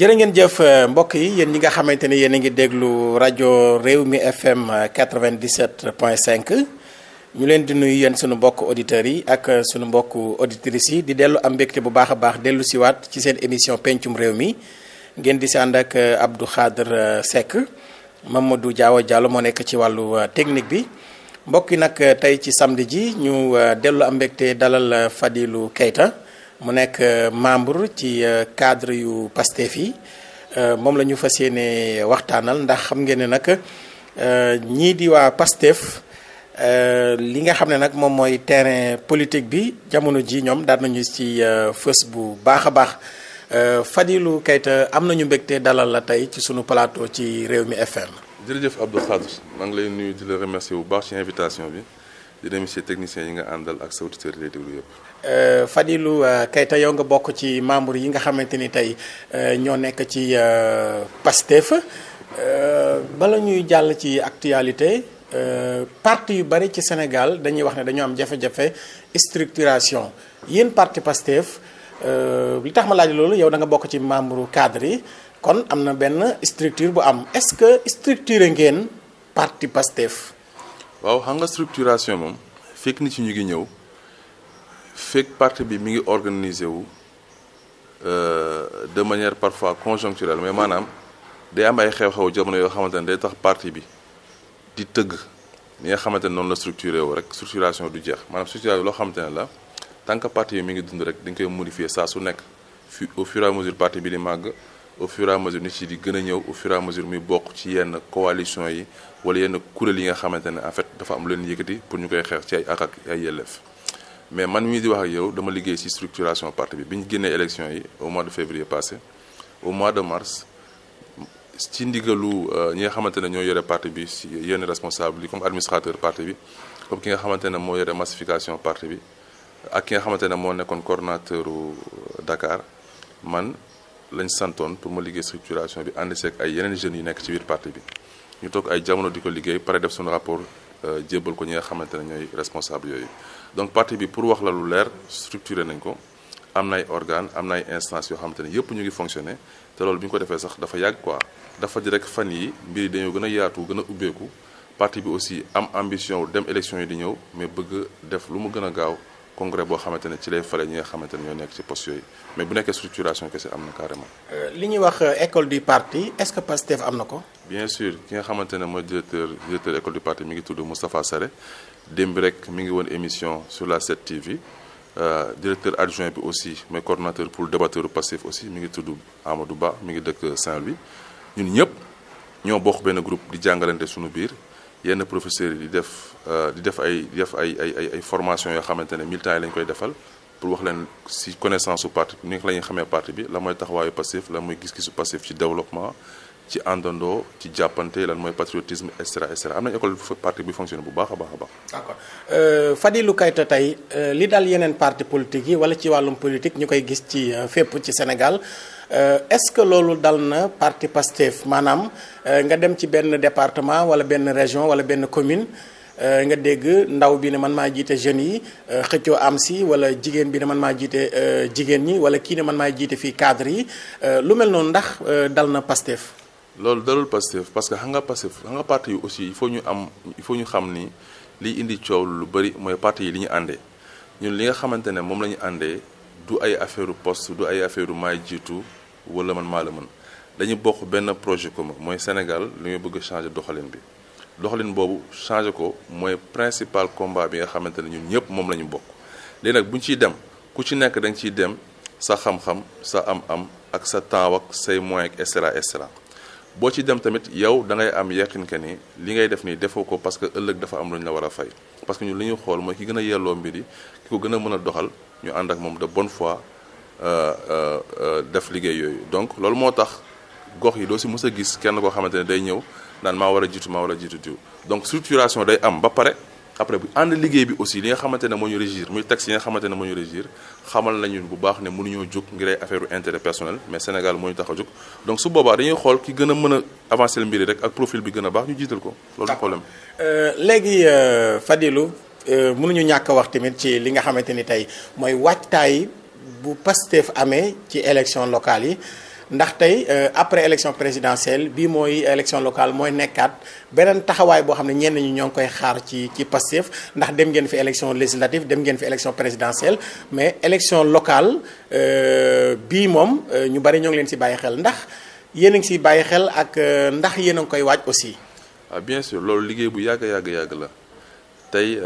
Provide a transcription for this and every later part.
jërë ngeen jëf euh, mbokk yi yéen ñi nga xamante ni yéen a ngi déglu rajo réew mi FM 97.5 ñu leen di nuyu yéen sunu mbokk auditeurs yi ak euh, sunu mbokk auditrices yi di dellu am mbégte bu baax a baax dellu siwaat ci seen émission pencum réew mi ngeen di si ànd ak euh, Abdou Khadre Seck du Diawa Diallo moo nekk ci wàllu technique bi mbokk yi nag tey ci samedi ji ñu dellu am mbégte dalal fadilu Keita mu nekk euh, membre ci euh, cadre yu Pastef yi euh, moom la ñu fas yéene waxtaanal ndax xam ngeen ne nag ñii di waa Pastef li nga xam ne nag moom mooy terrain politique bi jamono ji ñoom daan nañu ci fës bu baax a baax Fadilou Keita am na ñu mbégte dalal la tey ci sunu plateau ci réew Rewmi FM. jëf Abdou Khadre maa ngi lay nuyu di la remercier bu baax ci invitation bi di remercier technicien yi nga àndal ak sa auditeurs yi lay déglu Euh, Fadilou euh, Keita yow nga bokk ci membre yi nga xamante ni tey euh, ñoo nekk ci Pastef bala ñuy jàll ci actualité parti yu bari ci Sénégal dañuy wax ne dañoo am jafe-jafe structuration yéen parti Pastef li tax ma laaj loolu yow da nga bokk ci membre cadre yi kon am na benn structure bu am est-ce que structure ngeen parti Pastef waaw xam nga structuration moom fekk ni ci ñu ngi ñëw fekk parti bi mi ngi organisé wu euh, de manière parfois conjoncturelle mais maanaam day am ay xew-xew jamono yoo xamante ne day tax parti bi di tëgg ni nga xamante ne noonu la structuré wu rek structuration du jeex maanaam structuration loo xamante ne la tant que parti bi mi ngi dund rek dañ koy modifier saa su nekk fi au fur et à mesure parti bi di màgg au fur et mesure nit yi di gën a ñëw au fur et à mesure muy bokk ci yenn coalition yi wala yenn kuréel yi nga xamante ne en fait dafa am leen yëkkati pour ñu koy xeex ci ay ak ak mais man mii di wax ak yow dama liggéey ci structuration parti bi bi ñu génnee élection yi au mois de février passé au mois de mars ci ndigalu euh, ñi nga xamante ne ñoo yore parti bi ci yenn responsable yi comme parti bi ki nga xamante ne moo yore massification parti bi ak ki nga xamante ne moo nekkoon coordonnateur euh, Dakar man lañ santoon pour ma liggéey structuration bi ànd seeg ay yeneen jeunes yi nekk ci biir parti bi ñu toog ay jamono di ko liggéey pare def suñu rapport euh, jébbal ko ñi nga xamante ne ñooy responsable yooyu donc parti bi pour wax la lu leer structuré nañ ko am nay organe am nay instance yoo xamante ne yëpp ñu ngi fonctionné te loolu bi ñu ko defee sax dafa yàgg quoi dafa di rek fan yi mbir yi dañoo gën a yaatu gën a ubbeeku parti bi aussi am ambition dem élection yi di ñëw mais bëgg def lu mu gën a gaaw congrès boo xamante ne ci lay fale ñi nga xamante ne ñoo nekk ci post yooyu mais bu nekkee structuration kese am na carrément. Euh, li ñuy wax euh, école du parti est-ce que Pastef am na ko. bien sûr ki nga xamante ne mooy directeur directeur parti mi ngi tudd Moustapha Sare démb rek mi ngi woon émission sur la 7 TV euh, directeur adjoint bi aussi mais coordonnateur pour débatteur passif aussi mi ngi tudd amadu Ba mi ngi dëkk Saint-Louis ñun ñëpp ñoo bokk benn groupe di jàngalante suñu biir yenn professeurs yi di def euh, di def ay di def ay ay ay ay formation yoo xamante ne militants yi lañ koy defal pour wax leen si connaissance su parti ni la ñuy xamee parti bi la mooy taxawaayu passif la mooy gis-gisu passif ci développement ci àndandoo ci jàppante lan mooy patriotisme et cetera et cetera am nañu école parti bi fonctionne bu baax a baax a baax. fadilu euh, Fadilou tey euh, li daal yeneen partie politique yi wala ci wàllum politique ñu koy gis ci euh, fépp ci Sénégal est-ce que loolu dal na parti Pastef maanaam nga dem ci benn département wala benn région wala benn commune. nga dégg ndaw bi ne man maa jiite jeunes yi xëccoo am si wala jigéen bi ne man maa jiite jigéen ñi wala kii ne man maa jiite fii cadre yi lu mel noonu ndax dal na Pastef loolu dalul Pastef parce que xam nga Pastef nga parti yu aussi il faut ñu am il faut ñu xam ni liy indi coow lu bëri mooy parti yi li ñu àndee ñun li nga xamante ne moom la ñu àndee du ay affaire post du ay affaire maay jiitu wala man maa la mën dañu bokk benn projet commun mooy Sénégal li ñu bëgg changer doxalin bi doxalin boobu changer ko mooy principal combat bi nga xamante ne ñun ñëpp moom la ñu bokk léegi nag bu ñu ciy dem ku ci nekk da nga ciy dem sa xam-xam sa am-am ak sa temps ak say moyens et boo ci dem tamit yow da ngay am yaqin que ni li ngay def nii defoo ko parce que ëllëg dafa am lu ñu la war a fay parce que ñun li ñu xool mooy ki gën a yelloo mbir yi ki ko gën a mën a doxal ñu ànd ak moom de bonne foi euh, euh, euh, def liggéey yooyu donc loolu moo tax gox yi doo si mës a gis kenn koo xamante ne day ñëw naan maa war a jiitu maa war jiitu diw donc structuration day am ba pare après bu ànd liggéey bi aussi li nga xamante ne moo ñu régir muy tax yi nga xamante ne moo ñu régir xamal nañu bu baax ne mënuñoo jóg ngir ay affaire intérêt personnel mais Sénégal moo ñu tax a jóg donc su boobaa dañuy xool ki gën a mën a avancer mbir yi rek ak profil bi gën a baax ñu jiital ko loolu problème euh, léegi euh, Fadilou euh, mënuñu ñàkk wax tamit ci li nga xamante ni tey mooy waajtaay bu Pastef amee ci élection locale yi ndax tey euh, après élection présidentielle bii mooy élection locale mooy nekkaat beneen taxawaay boo xam ne ñenn ñu ñoo ngi koy xaar ci ci Pastef ndax dem ngeen fi élection législative dem ngeen fi élection présidentielle mais élection locale euh, bii moom euh, ñu bari ñoo ngi leen si bàyyi xel ndax yéen a ngi siy bàyyi xel ak ndax yéen a ngi koy waaj aussi. ah bien sûr loolu liggéey bu yàgg yàgg yàgg la tey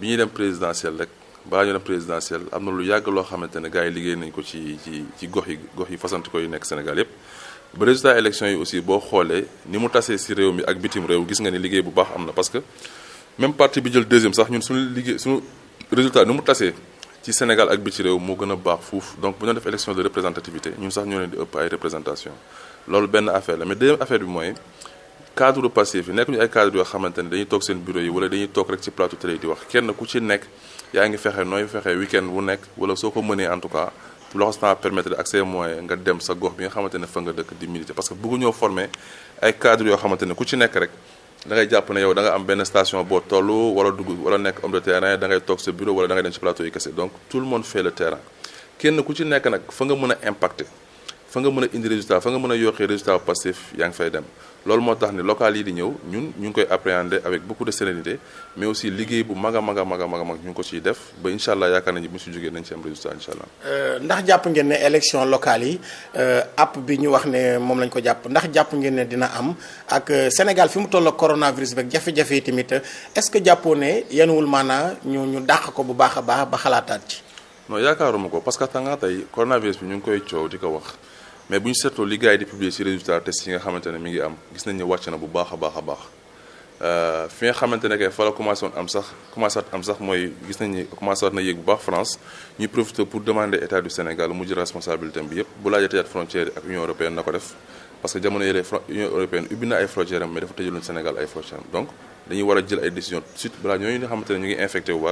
bi ñuy dem présidentielle rek. baa ñu dem présidentielle am na lu yàgg loo xamante ne gars yi liggéey nañ ko ci ci gox yi gox yi fasanti ko nekk Sénégal yépp ba résultat élection yi aussi boo xoolee ni mu tasee si réew mi ak bitim réew gis nga ni liggéey bu baax am na parce que même parti bi jël deuxième sax ñun suñu liggéey suñu résultat mu tasee ci Sénégal ak bitim réew moo gën a baax fuuf donc bu ñu def élection de représentativité ñun sax ñoo leen di ëpp ay représentation loolu benn affaire la mais deuxième affaire bi mooy cadre passif yi nekk ñu ay cadre yoo xamante ne dañuy toog seen bureau yi wala dañu toog rek ci plateau télé wax kenn ku ci nekk yaa ngi fexe nooy fexe weekend bu nekk wala soo ko mënee en tout cas loxo temps permettre ak ses moyens nga dem sa gox bi nga xamante ne fa nga dëkk di militer parce que bëggu ñoo former ay cadres yoo xamante ne ku ci nekk rek da jàpp ne yow da nga am benn station boo toll wala dugg wala nekk homme de terrain da ngay toog sa bureau wala da ngay dem ci plateau yi kese donc tout le monde fait le terrain kenn ku ci nekk nag fa nga mën a impacter fa nga mën a indi nga mën a yokkee résultat passif yaa ngi fay dem loolu moo tax ne local yi di ñëw ñun ñu ngi koy appréhender avec beaucoup de sérénité mais aussi liggéey bu mag a mag a mag a mag ñu ngi ko ciy def ba incha allah yaakaar nañu si jógee nañ ci am résultat euh, ndax jàpp ngeen ne élection locale yi euh, app bi ñu wax ne moom lañ ko jàpp ndax jàpp ngeen ne dina am ak euh, Sénégal fi mu toll coronavirus beeg jafe-jafe yi tamit est-ce que jàppoo ne yenuwul maanaa ñu ñu dàq ko bu baax a baax ba xalaataat ci. non yaakaaruma ko parce que tàngaa tey coronavirus bi ñu ngi koy coow di ko wax. mais bu ñu seetloo li gars yi di publier ci résultat test yi nga xamante ne mi ngi am gis nañ wàcc na bu baax a baax a baax euh, fi nga xamante ne kay fa la commencé woon am sax commencé waat am sax mooy gis nañ ne commencé waat na yéeg bu baax France ñu profité pour demander état du Sénégal mu jël responsabilité bi yëpp bu laajee tëjaat frontière ak Union européenne na ko def parce que jamono yële Union européenne ubbi na ay frontière am mais dafa tëjaloon Sénégal ay frontière am a jël ay décision tout de suite balaa ñooñu ne ñu ngi infecté wu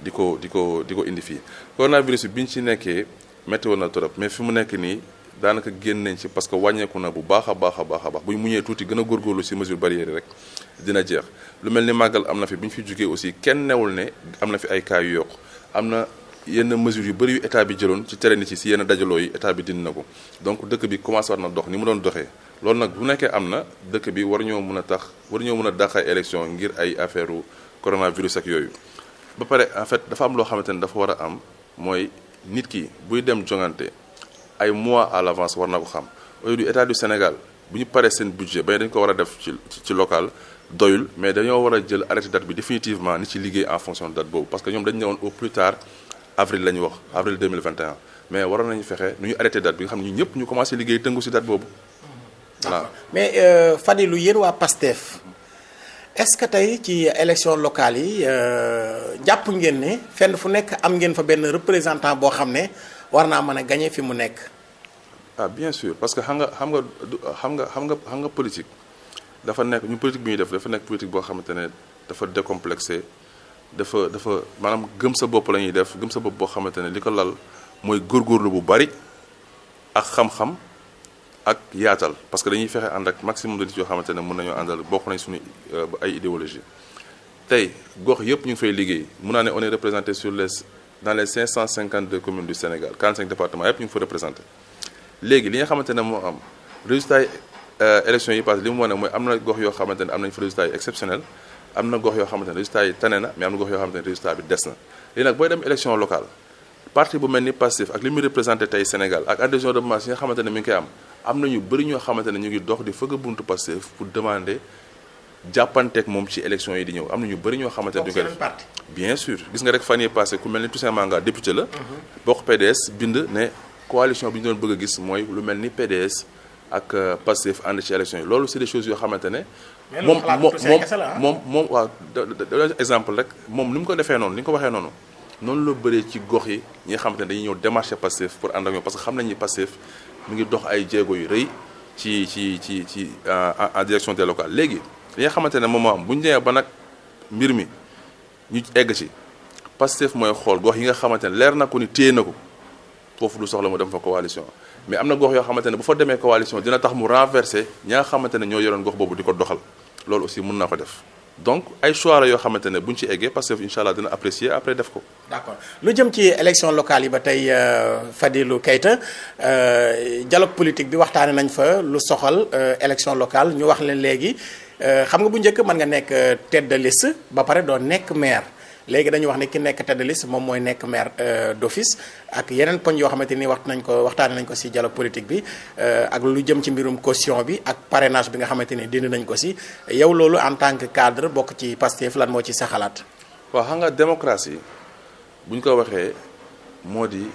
di ko di ko di ko indi fii coronavirus bi ñu ci nekkee métti na trop mais fi mu nekk nii daanaka génn nañ ci parce que wàññeeku na bu baax a baax a baax a baax bu ñu muñee tuuti gën a góorgóorlu si mesure barrière yi rek dina jeex lu mel ni màggal am na fi bi ñu fi jugee aussi kenn newul ne am na fi ay cas yu am na yenn mesures yu bëri yu état bi jëloon ci tere nit yi si yenn dajaloo yi état bi dindi na ko donc dëkk bi commencé war na dox ni mu doon doxee loolu nag bu nekkee am na dëkk bi war ñoo mën a tax war ñoo mën a dàq ay ngir ay affaire u coronavirus ak yooyu ba pare en fait dafa am loo xamante ne dafa war a am mooy nit ki buy dem jongante ay mois à l'avance war na ko xam aujourd'hui état du Sénégal bu ñu paree seen budget ba dañ ko war a def ci ci local doyul mais dañoo war a jël arrêté date bi définitivement ni ci liggéey en fonction de date boobu parce que ñoom dañ ne woon au plus tard avril la ñu wax avril mais waroon nañu fexe nu ñu arrêté date bi nga xam ne ñu ñëpp ñu commencé liggéey tëngu si date boobu voilà mais euh, Fadilou yéen waa PASTEF est-ce que tey ci élection locale yi euh, jàpp ngeen ne fenn fu nekk am ngeen fa benn représentant boo xam ne war naa mën a gañe fi mu nekk. ah bien sûr parce que xam nga xam nga xam nga xam nga xam nga politique dafa nekk ñu politique bi ñuy def dafa nekk politique boo xamante ne dafa décomplexé dafa dafa maanaam gëm sa bopp la ñuy def gëm sa bopp boo xamante ne li ko lal mooy góorgóorlu bu bari ak xam-xam ak yaatal parce que dañuy fexe ànd ak maximum de nit yoo xamante ne mën nañoo àndal bokk nañ suñu euh, ay idéologie tey gox yëpp ñu ngi fay liggéey mun naa ne on est représenté sur les. dans les 552 communes du Sénégal 45 départements yëpp ñu ngi fa représenté léegi li nga xamante ne moo am résultat yi euh, élection yi passé li mu wane mooy am na gox yoo xamante ne am nañu fa résultat yi exceptionnel am na gox yoo xamante ne résultat yi tane na mais am na gox yoo xamante ne résultat bi des na léegi nag booy dem élection locale parti bu mel ni Pastef ak li muy représenté tey Sénégal ak adhésion de masse yi xamante ne mi ngi koy am am na xamante ne ñu ngi dox di fëgg buntu jàppanteek moom ci élection yi di ñëw am na ñu bëri ñoo xamante ne duñ ko def bien sûr gis nga rek fan yii passé ku mel ni Toussaint Manga député la mhm. bokk PDS bind ne coalition bi ñu doon bëgg a gis mooy lu mel ni PDS ak euh, Pastef ànd ci élection yi loolu c'est des choses yoo xamante ne moom moom moom moom waaw rek moom ni mu ko defee noonu ni nga ko waxee noonu noonu loo bëree ci gox yi ñi nga xamante ne dañuy ñëw démarché Pastef pour ànd ak ñoom parce que xam nañu Pastef mu ngi dox ay jéego yu rëy ci ci ci ci euh, en direction des léegi li nga xamante ne moom moo am bu ñu demee ba nag mbir mi ñu egg ci Pastef mooy xool gox yi nga xamante ne leer na ko ni téye na ko foofu du soxla mu dem fa coalition mais am na gox yoo xamante ne bu fa demee coalition dina tax mu renverser ñi nga ne ñoo yoroon gox boobu di ko doxal loolu aussi mun naa ko def donc ay choix yoo xamante ne ñu ci eggee parce que incha allah dina apprécier après def ko. d'accord lu jëm ci élection locale yi ba tey euh, Fadilou Keita euh, dialogue politique bi waxtaanee nañ fa lu soxal euh, élection locale ñu wax leen léegi. Euh, xam nga bu njëkk mën nga nekk euh, tête de liste ba pare doo nekk maire léegi dañu wax ne ki nekk tête de moom mooy nekk maire euh, d'office ak yeneen poñ yoo xamante ni wax nañ ko waxtaane nañ ko si dialogue politique bi ak lu jëm ci mbirum costion bi ak parrainage bi nga xamante ni dindi nañ ko si yow loolu en tant que cadre bokk ci Pastef lan moo ci sa xalaat. waaw xam nga démocratie bu ñu ko waxee moo di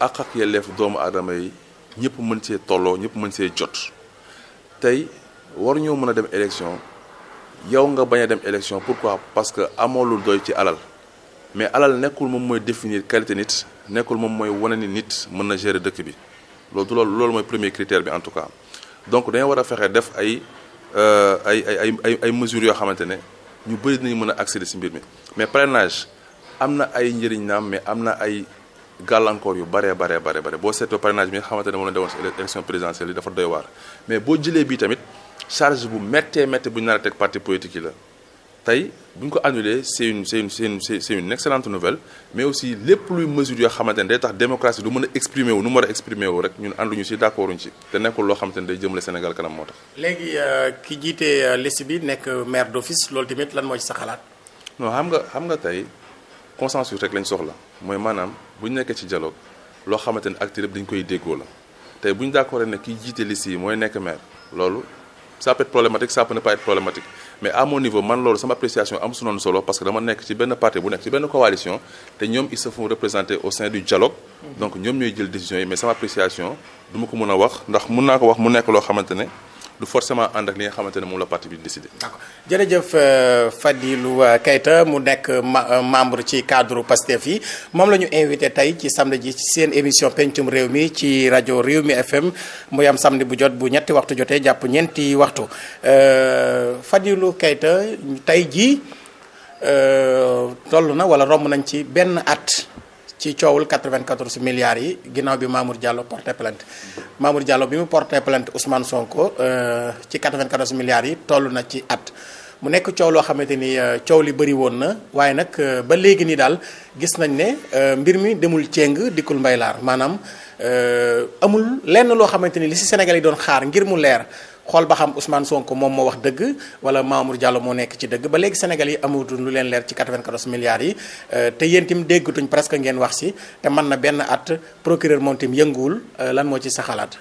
àq ak yelleef doomu aadama yi ñëpp mën see tolloo ñëpp mën see jot. tey war ñoo mën a dem élection yow nga bañ a dem élection pourquoi parce que amoo lu doy ci alal mais alal nekkul moom mooy définir qualité nit nekkul moom mooy wane ni nit mën na gérer dëkk bi loolu du loolu loolu mooy premier critère bi en tout cas donc dañoo war a fexe def ay euh, ay ay ay ay mesures yoo xamante ne ñu bëri dinañ mën a accéder si mbir mi mais parrainage am na ay njëriñ naam mais am na ay. gàllankoor yu baree baree baree bare boo seetoo parrainage bi nga xamante ne moom la dewoon si présidentielle yi dafa doy waar mais boo jëlee bii tamit charge bu méttee métte bu ñu teg parti politique yi la tey bu ñu ko annulé c'est une c'est une c'est une c'est une excellente nouvelle mais aussi lépp luy mesure yoo xamante ne day tax démocratie du mën a exprimer wu nu mu war a exprimer wu rek ñun ànduñu si d'accorduñ ci te nekkul loo xamante ne day jëmale Sénégal kanam moo tax léegi euh, ki jiite euh, liste bi nekk maire d'office loolu tamit lan moo ci sa xalaat non xam nga nga tey consensus rek lañ soxla mooy maanaam bu ñu nekkee ci dialogue loo xamante ne acteurs yëpp dañ koy déggoo la tey bu ñu d'accord ne kiy jiite liste yi mooy nekk maire loolu ça peut être problématique ça peut ne pas être problématique mais sama appréciation am su noonu solo parce que dama nekk ci benn parti bu nekk ci benn coalition te ñoom ils se font représenter au sein du dialogue mm-hmm. sama appréciation du ma ko mën a wax ndax mën naa ko wax mu nekk loo xamante ne du forcément ànd ak li nga xamante ne moom la parti bi décidé. d'accord jërëjëf euh, Fadilou euh, Keita mu nekk euh, membre ci cadre Pastef yi moom la ñu invité tey ci samedi ji seen émission pencum réew mi ci rajo réew mi FM muy am samedi bu jot bu ñetti waxtu jotee jàpp ñeenti waxtu Fadilou Keita tey jii toll na wala romb nañ ci benn at. ci coowul 94 milliards yi ginnaaw bi Mamour Diallo porté plainte Mamour Diallo bi mu porté plainte Ousmane Sonko euh, ci 94 milliards yi tollu na ci at. mu nekk coow loo xamante ni euh, coow li bëri woon na waaye nag euh, ba léegi nii daal gis nañ ne mbir mi demul ceng dikkul mbay laar maanaam amul lenn loo xamante ni li si Sénégal yi doon xaar ngir mu leer. xool ba xam Ousmane sonk moom moo wax dëgg wala Mamour Diallo moo nekk ci dëgg ba léegi senegal yi amatu lu leen leer ci 94 milliards yi euh, te yéen itam déggatuñ presque ngeen wax si te mën na benn at procureur moom itam yënguwul euh, lan moo ci sa xalaat.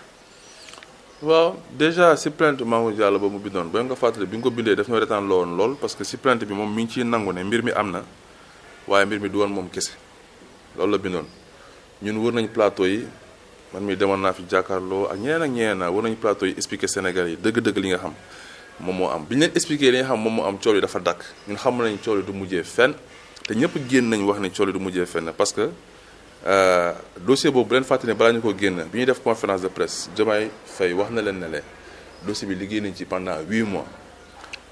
waaw déjà si plainte Mamour Diallo ba mu bindoon ba nga fàttali bi nga ko bindee daf ñoo retaan lowoon lool parce que si plainte bi moom mi ngi ciy nangu ne mbir mi am na waaye mbir mi du woon moom kese loolu la bindoon ñun wër nañ plateau yi. man mi demoon naa fi jàkkaarloo ak ñeneen ak ñeneen war nañu plateau yi Sénégal yi dëgg-dëgg li nga xam moom moo am bi ñu leen expliquer li nga xam moom moo am coow yi dafa dakk ñun xam nañ coow yi du mujjee fenn te ñëpp génn nañ wax ne coow yi du mujjee fenn parce que euh, dossier boobu bu leen fàttali ne balaa ñu ko génn bi ñuy def conférence de presse Diomaye Faye wax na leen ne leen dossier bi liggéey nañ ci pendant huit mois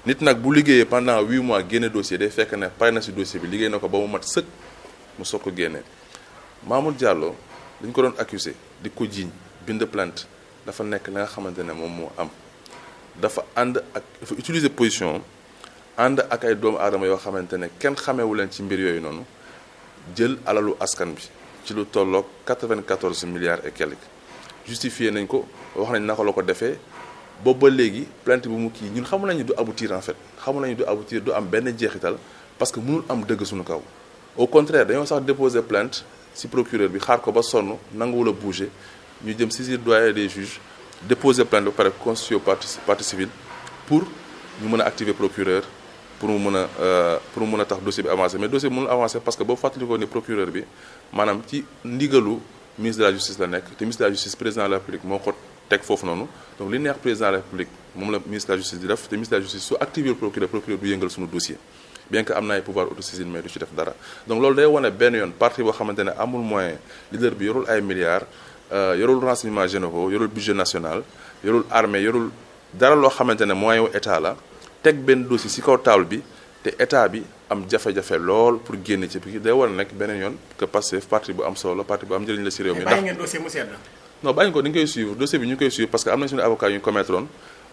nit nag bu liggéeyee pendant huit mois génne dossier day fekk ne pare na si dossier bi liggéey na ko ba mat sëkk mu soog ko génne Mamour dañ ko doon accusé di ko jiiñ bind plant dafa nekk la nga xamante ne moom moo am dafa ànd ak dafa utiliser position ànd ak ay doomu aadama yoo xamante ne kenn xamewu leen ci mbir yooyu noonu jël alalu askan bi ci lu tolloog 94 milliards et quelques justifié nañ ko wax nañ naka la ko defee boobu ba léegi plainte bu mu kii ñun xamu nañu du aboutir en fait xamu nañu du aboutir du am benn jeexital parce que mënul am dëgg suñu kaw au contraire dañoo sax déposer plainte si procureur bi xaar ko ba sonn nanguwul la bouger ñu jëm saisir doyen des juges déposer plainte ba pare constituer partie civile pour ñu mën a activer procureur pour mu mën a euh, pour mu mën a tax dossier bi avancé mais dossier bi mënul avancé parce que boo fàttalikoo ni procureur bi maanaam ci ndigalu ministre de la justice la nekk te ministre de la justice président de la république moo ko teg foofu noonu donc li neex président de la république moom la ministre de bien que am na ay pouvoir autosaisine mais du ci def dara donc loolu day wane benn yoon parti boo xamante ne amul moyen leader bi yorul ay milliards euh, yorul renseignement généraux yorul budget national yorul armée yorul dara loo xamante ne moyen wu état la teg benn dossier ci kaw table bi te état bi am jafe-jafe lool pour génn ci bi day wane nag beneen yoon que Pastef bu am solo parti bu am njëriñ la ci réew mi. ndax bàyyi bàyyi ko ni koy suivre dossier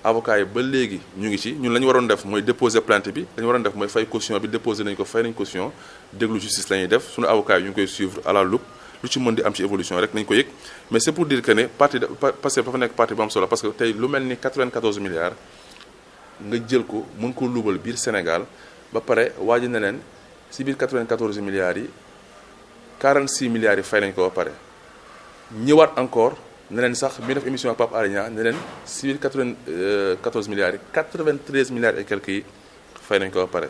avocats yi ba léegi ñu ngi ci ñun la ñu waroon def mooy déposer plainte bi la ñu waroon def mooy fay caution bi déposer nañ ko fay nañ caution déglu justice la ñuy def suñu avocats yi ñu ngi koy suivre à la loupe lu ci mën di am ci évolution rek nañ ko yëg mais c'est pour dire que ne parti parce que dafa nekk parti bu am solo parce que tey lu mel ni 94 milliards nga jël ko mën ko luubal biir Sénégal ba pare waaji na leen si biir 94 milliards yi 46 milliards yi fay nañ ko ba pare ñëwaat encore ne leen sax bi def émission Pape Alé Niang ne leen si biir 94 milliards yi 93 milliards et quelques yi fay nañ ko ba pare.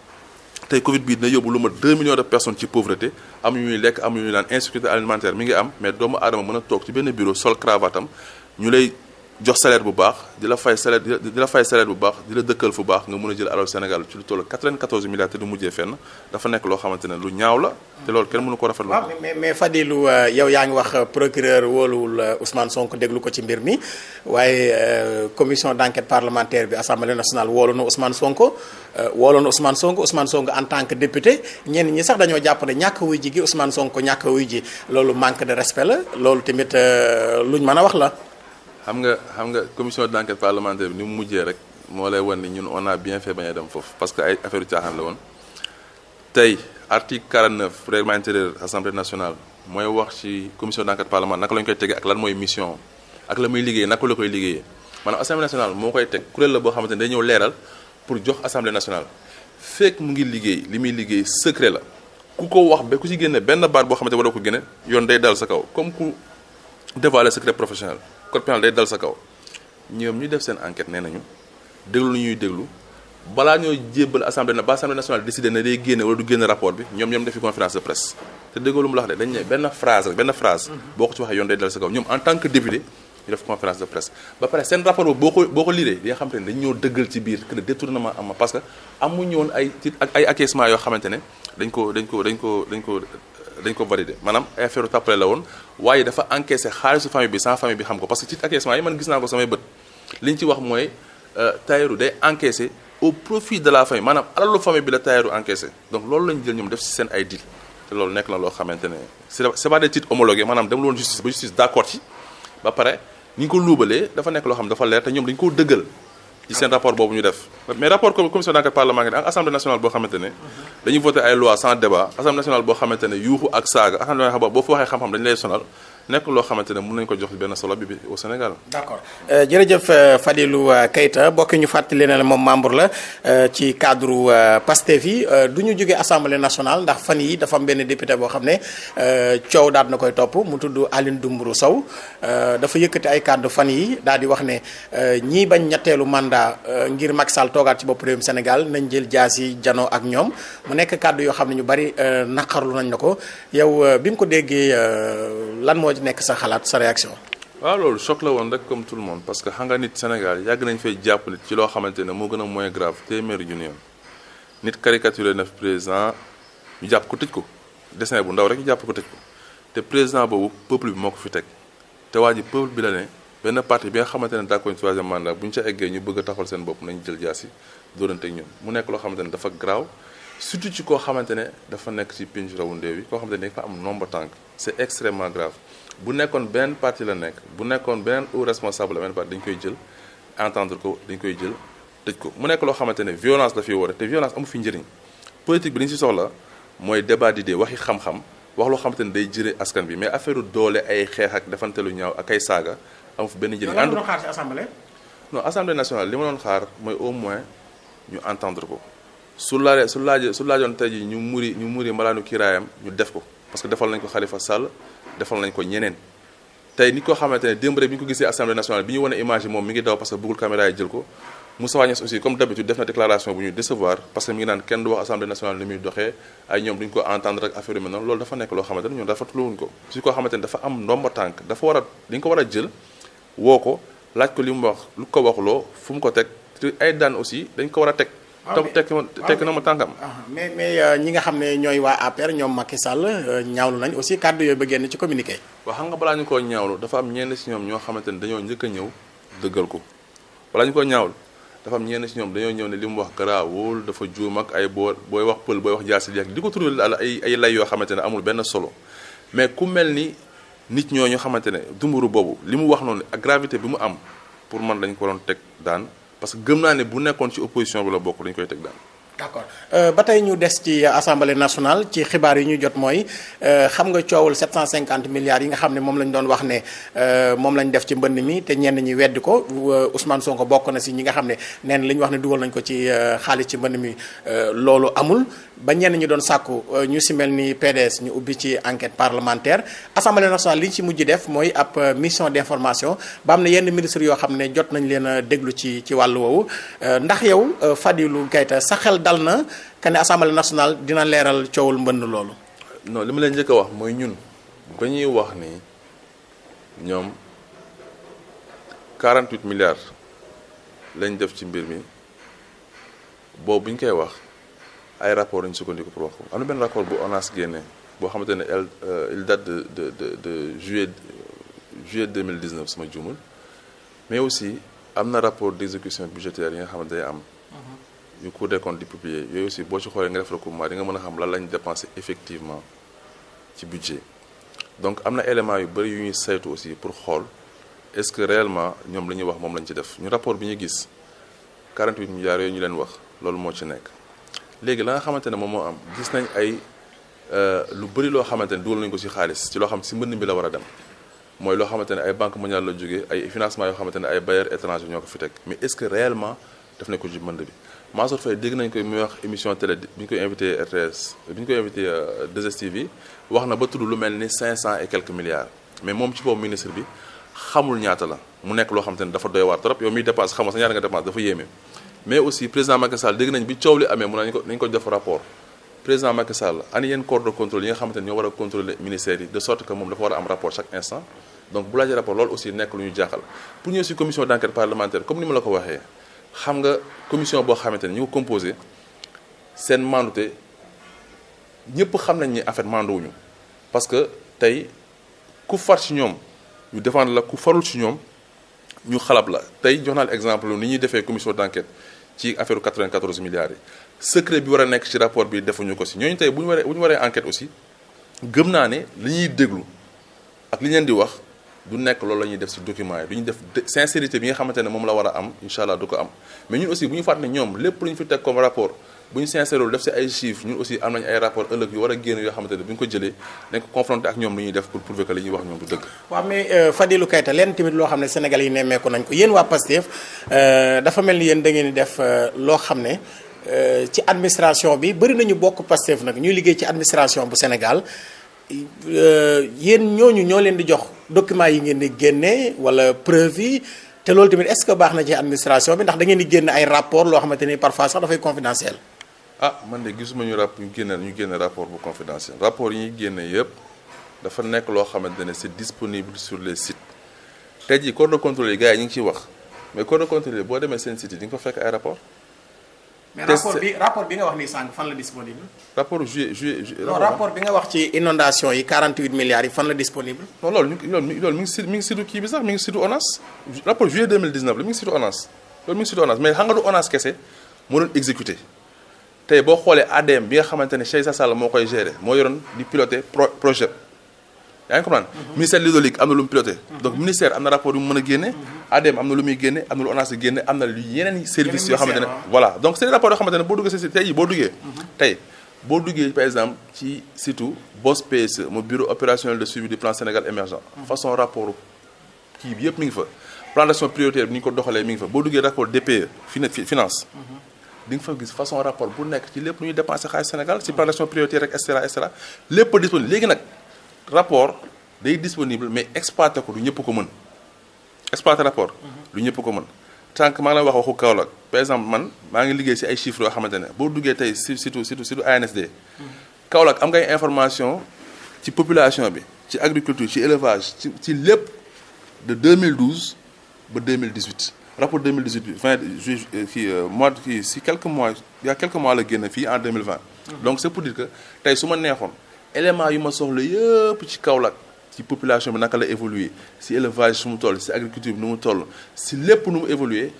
tey Covid bii dina yóbbu lu ma 2 millions de personnes ci pauvreté am ñuy lekk am ñuy naan insécurité alimentaire mi ngi am mais doomu aadama mën a toog ci benn bureau sol cravate ñu lay. jox salaire bu baax di la fay salaire di la fay salaire bu baax di la dëkkal fu baax nga mun a jël alal Sénégal ci lu toll 94 milliards te du mujjee fenn dafa nekk loo xamante ne lu ñaaw la. te loolu kenn mënu ko rafetlu. waaw ah, mais mais Fadilou euh, yow yaa ngi wax euh, procureur wóoluwul euh, Ousmane Sonko déglu ko ci mbir mi waaye commission d' enquête parlementaire bi assemblée nationale wóolu na Ousmane Sonko wóolu na Ousmane Sonko usman Sonko en tant que député ñenn ñi sax dañoo jàpp ñàkk wuy ji gi Sonko ñàkk wuy ji loolu manque de respect la loolu tamit luñ mën a wax la. xam nga xam nga commission d' enquête parlementaire bi ni mu mujjee rek moo lay wan ni ñun on a bien fait bañ a dem foofu parce que ay affaire caaxaan la woon tey article 49 règlement intérieur assemblée nationale mooy wax ci commission d' enquête parlementaire naka la ñu koy tegee ak lan mooy mission ak la muy liggéeyee naka la koy liggéeyee maanaam assemblée nationale moo koy teg kuréel la boo xamante ne day ñëw leeral pour jox assemblée nationale fekk mu ngi liggéey li muy liggéey secret la ku ko wax ba ku benn baat boo xamante ne ko yoon day dal sa kaw comme ku dévoiler secret professionnel. code pénal day dal sa kaw ñoom ñu def seen enquête nee déglu ñuy déglu balaa ñoo jébbal assemblée na ba assemblée nationale décidé na day génne wala du génne rapport bi ñoom ñoom defi conférence de presse te déggoo lu mu la wax de dañ ne benn phrase rek benn phrase. boo ko ci waxee yoon day dal sa kaw ñoom en tant que député. ñu def conférence de presse ba pare seen rapport boo boo ko liiree di nga xamante ne ñoo dëggal ci biir que ne détournement am parce que amuñu yoo xamante ne dañ ko dañ ko ko dañ ko dañ ko validé maanaam affaire tàppale la woon waaye dafa encaissé xaalisu famille bi sans famille bi xam ko parce que ci encaissement yi man gis naa ko samay bët li ñu ci wax mooy euh, Tahirou day encaissé au profit de la famille maanaam alalu famille bi la Tahirou encaissé donc loolu lañu jël ñoom def ci seen ay deal te loolu nekk na loo xamante ne c'est pas des titres homologués maanaam dem loon justice ba justice d'accord ci ba pare ni ñu ko luubalee dafa nekk loo xam dafa leer te ñoom dañu ko ci seen rapport boobu ñu def mais rapport commission d'enquête parlementaire ak assemblée nationale boo xamante ne dañuy voté ay loi sans débat assemblée nationale boo xamante ne yuuxu ak saaga assemblée nationale boo fa waxee xam-xam dañu lay sonal nekk loo xamante ne mun nañ ko jox benn solo bi au Sénégal. d'accord euh, jërëjëf euh, Fadilou euh, Keita bokk ñu fàttali ne moom membre la ci cadre Pastef fii du ñu jógee assemblée national ndax fan yi dafa am benn député boo xam ne coow daal na koy topp mu tudd Aline Dumburu Sow dafa yëkkati ay kàddu fan yi daal di wax ne ñii bañ ñetteelu mandat ngir Macky Sall toogaat ci bopp réewum Sénégal nañ jël jaas yi janoo ak ñoom mu nekk kàddu yoo xam ne ñu bari naqarlu nañ na ko yow bi mu ko déggee lan moo nekk sa xalaat sa réaction. waaw loolu choc la woon rek comme tout le monde parce que xam nga nit Sénégal yàgg nañ fay jàpp nit ci loo xamante ne moo gën a moins grave téeméeri junni yoon nit caricaturé na président ñu jàpp ko tëj ko dessin bu ndaw rek ñu jàpp ko tëj ko te président boobu peuple bi moo ko fi teg te waa ji peuple bi la ne benn parti bi nga xamante ne d'accord troisième mandat bu ñu ca eggee ñu bëgg a taxal seen bopp nañu jël jaas yi dóorante ak nekk loo xamante ne dafa graaw surtout ci koo xamante ne dafa nekk ci pinc rawu ndéew yi koo xamante ne dafa am nombre tànk c'est extrêmement grave bu nekkoon beneen parti la nekk bu nekkoon beneen ou responsable la beneen parti dañ koy jël entendre ko dañ koy jël tëj ko mu nekk loo xamante ne violence la fi woote te violence amu fi njëriñ politique bi li ñu si soxla mooy débat d'idées waxi xam-xam wax loo xamante ne day jëre askan bi mais affaire doole ay xeex ak lu ñaaw ak ay saaga amu fi benn njëriñ. ànd xaar si assemblée. non assemblée nationale li ma doon xaar mooy au moins ñu entendre ko su laajee su laajee su laajoon tey jii ñu muri ñu muri mbalaanu kiraayam ñu def ko. parce que defal nañ ko Khalifa Sall defal nañ ko ñeneen tey nit koo xamante ne démb rek bi ñu ko gisee assemblée nationale bi ñu wane image moom mi ngi daw parce que bëggul caméra jël ko Moustapha Niasse aussi comme d'habitude def na déclaration bu ñuy décevoir parce que mi ngi naan kenn du wax assemblée nationale ni muy doxee ay ñoom duñ ko entendre ak affaire yu mel noonu loolu dafa nekk loo xamante ne ñun rafetluwuñ ko si koo xamante ne dafa am ndomba a li nga ko war war a teg waaw ah, tekki ma ah, tekki na ma tànkam. Ah, mais mais euh, ñi nga xam ne ñooy waa APR ñoom Macky Sall euh, ñaawlu nañ aussi kàddu yooyu ba génn ci communiqué. waxam nga balaa ñu koo ñaawlu dafa am ñenn si ñoo xamante ni dañoo njëkk ñëw dëggal ko balaa ñu koo ñaawlu dafa am ñenn si ñoom dañoo ñëw ne li mu wax garaawul dafa juum ak ay boor booy wax pël booy wax jaasi jeeg di ko tuddal daal ay ay lay yoo xamante ne amul benn solo mais ku mel ni nit ñoo ñu xamante ne dumburu boobu li mu wax noonu ak gravité bi mu am pour man lañu ko doon teg daan parce que gëm naa ne bu nekkoon ci opposition bi la bokk dañu koy teg daal. Euh, ba tey ñu des ci assemblée nationale ci xibaar yi ñu jot mooy euh, xam nga coowul 750 milliards yi nga xam ne moom lañu doon wax ne euh, moom lañ def ci mbënd mi te ñenn ñi weddi ko Ousmane Sonko bokk na si ñi nga xam ne neen li ñu wax ne dugal nañ ko ci xaalis ci mbënd mi loolu amul ba ñenn ñu doon sàkku euh, ñu si mel ni PDS ñu ubbi ci enquête parlementaire assemblée nationale li ñu ci mujj def mooy ab euh, mission d'information ba am na yenn ministre yoo xam ne jot nañ leen a déglu ci ci wàllu woowu euh, ndax yow Fadilou Keita sa xel dal na que ne assemblée nationale dina leeral coowul mbënd loolu. non li ma leen njëkk a wax mooy ñun ba ñuy wax ni ñoom 48 milliards lañ def ci mbir mi boobu bu ñu koy wax. ay rapport lañu sukkandiku pour wax ko am na benn rapport bu ONAS génnee boo xamante ne elle euh, il date de de de de juillet juillet 2019 sama juumul mais aussi am na rapport d'exécution budgétaire yi nga xamante ne am mhm. yu Cour des di publier yooyu aussi boo ci xoolee nga def recoupement di nga mën a xam lan lañ dépensé effectivement ci budget donc am na éléments yu bëri yu ñuy saytu aussi pour xool est-ce que réellement ñoom la ñuy wax moom lañu ci def ñu rapport bi ñu gis 48 milliards yooyu ñu leen wax loolu moo ci nekk léegi la nga xamante ne moom moo am gis nañ ay euh, lu bëri loo xamante ne dugal nañu ko ci xaalis ci loo xam ci mbënn bi la war a dem mooy loo xamante ne ay banque mondiale la jógee ay financement yoo xamante ne ay bailleurs étrangers ñoo ko fi teg mais est-ce que réellement def nañ ko ci mbënd bi Mansour Faye dégg wax bi euh, wax na ba tudd lu mel ni 500 et quelques milliards mais moom ci boobu ministre bi xamul ñaata la mu nekk loo xamante ne dafa doy waar trop yow miy dépense xamoo sa ñaata nga dépense dafa yéeme mais aussi président Macky Sall dégg nañ bi coow li amee mun nañ ko nañ def rapport président Macky Sall ani yeen corps de contrôle yi nga xamante ñoo war a contrôler ministère yi de sorte que moom dafa war a am rapport chaque instant donc bu laajee rapport loolu aussi nekk lu ñu jaaxal pour ñëw si commission d' parlementaire comme ni ma la ko waxee xam nga commission boo xamante ne ñu ko composé seen mandute ñëpp xam nañ ni en fait parce que tey ku ñoom ñu défendre la ku farul ci ñoom ñu xalab la tey jox naa exemple ni ñuy defee commission d' ci affaire 94 milliards yi secret bi war a nekk ci rapport bi defuñu ko si ñooñu tey bu ñu waree bu ñu waree enquête aussi gëm naa ne li ñuy déglu ak li leen di wax du nekk loolu la ñuy def si document yi du ñu def sincérité bi nga xamante ne moom la war a am incha allah du ko am mais ñun aussi bu ñu fàtte ne ñoom lépp lu ñu fi teg comme rapport bu ñu sincère def si ay chiffres ñun aussi a génn yoo xamante ne bu ñu ko jëlee dañ ko confronté ak ñoom lu ñuy def pour euh, ne Sénégal yi nemmeeku nañ ko yéen waa euh, dafa mel ni yéen da ngeen def euh, loo xam ne ci administration bi bëri nañu bokk Pastef nag ñuy liggéey ci administration bu Sénégal yéen ñooñu ñoo leen di jox documents yi ngeen di génne wala preuve yi te loolu tamit est-ce baax na ci administration bi ndax da ngeen di génn ay rapport loo xamante ni parfois sax dafay confidentiel ah man de gisuma ñu rap ñu ñu génne rapport bu confidentiel rapport yi ñuy génne yëpp dafa nekk loo xamante ne c'est disponible sur les sites tey jii corps de contrôle yi gars yi ñu ngi ciy wax mais corps de contrôle boo demee seen site yi di nga ko fekk ay rapport mais rapport bi rapport bi nga wax nii sànq fan la disponible. rapport juillet juillet. non rapport bi nga wax ci inondation yi 48 milliards yi fan la disponible. non loolu mi loolu mi ngi si mi situ kii bi sax mi ngi situ ONAS rapport juillet 2019 la mi ngi kese moo tey boo xoolee ADM bi nga xamante ne Cheikh Issa moo koy gérer moo yoroon di piloter projet yaa ngi comprendre mhm. ministère de am na lu mu piloté donc ministère am na rapport yu mu mën a génne ADM am na lu muy génne am na lu ONAS di génne am na lu yeneen service yoo xamante ne voilà donc c'est des rapports yoo xamante ne boo duggee si tey boo duggee mhm. tey boo duggee par exemple ci surtout BOS PSE mu bureau opérationnel de suivi du plan Sénégal émergent mhm. façon rapport kii bi yëpp mi ngi fa plan d'action prioritaire bi ñu ko doxalee mi ngi fa boo duggee rapport DPE finance di nga fa gis façon rapport bu nekk ci lépp lu ñuy dépensé xaalis Sénégal ci planation prioritaire rek et cetera et cetera lépp disponible léegi nag rapport day disponible mais exploité ko du ñëpp ko mën exploité rapport lu mhm. ñëpp ko mën tant maa ngi lay wax waxu Kaolack par exemple man maa ngi liggéey ci ay chiffres yoo xamante ne boo duggee tey si surtout surtout surtout ANSD mhm. Kaolack am ngay information ci population bi ci agriculture ci élevage ci ci lépp de 2012 ba 2018 rapport 2018 bi fin ju euh, kii euh, mois de kii si quelques mois il y a quelques mois la génn fii en 2020. Mm-hmm. donc c'est pour dire que tey su ma neexoon éléments yu ma soxla yëpp ci Kaolack ci population bi naka la évoluer si élevage su mu toll si agriculture bi nu mu toll si lépp nu mu évoluer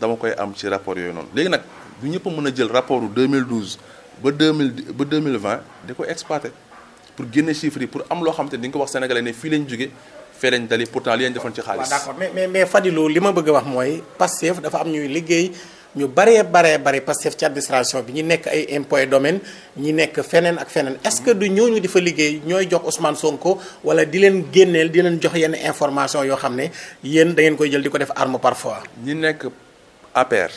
dama koy am ci rapport yooyu noonu léegi nag du ñëpp mën a jël rapport 2012 ba 2000 ba 2020 da ko exploité pour génne chiffres yi pour am loo xam te ni nga ko wax sénégalais ne fii lañ jóge fee lañ dali pourtant li leen defoon ci xaalis. waaw d'accord mais mais mais li ma bëgg a wax mooy Pastef dafa am ñuy liggéey ñu baree baree bare Pastef ci administration bi ñu nekk ay impôt et domaine ñi nekk feneen ak feneen. est-ce que du ñooñu di fa liggéey ñooy jox Ousmane Sonko wala di leen génneel di leen jox yenn information yoo xam ne yéen da ngeen koy jël di ko def arme parfois. ñi nekk APR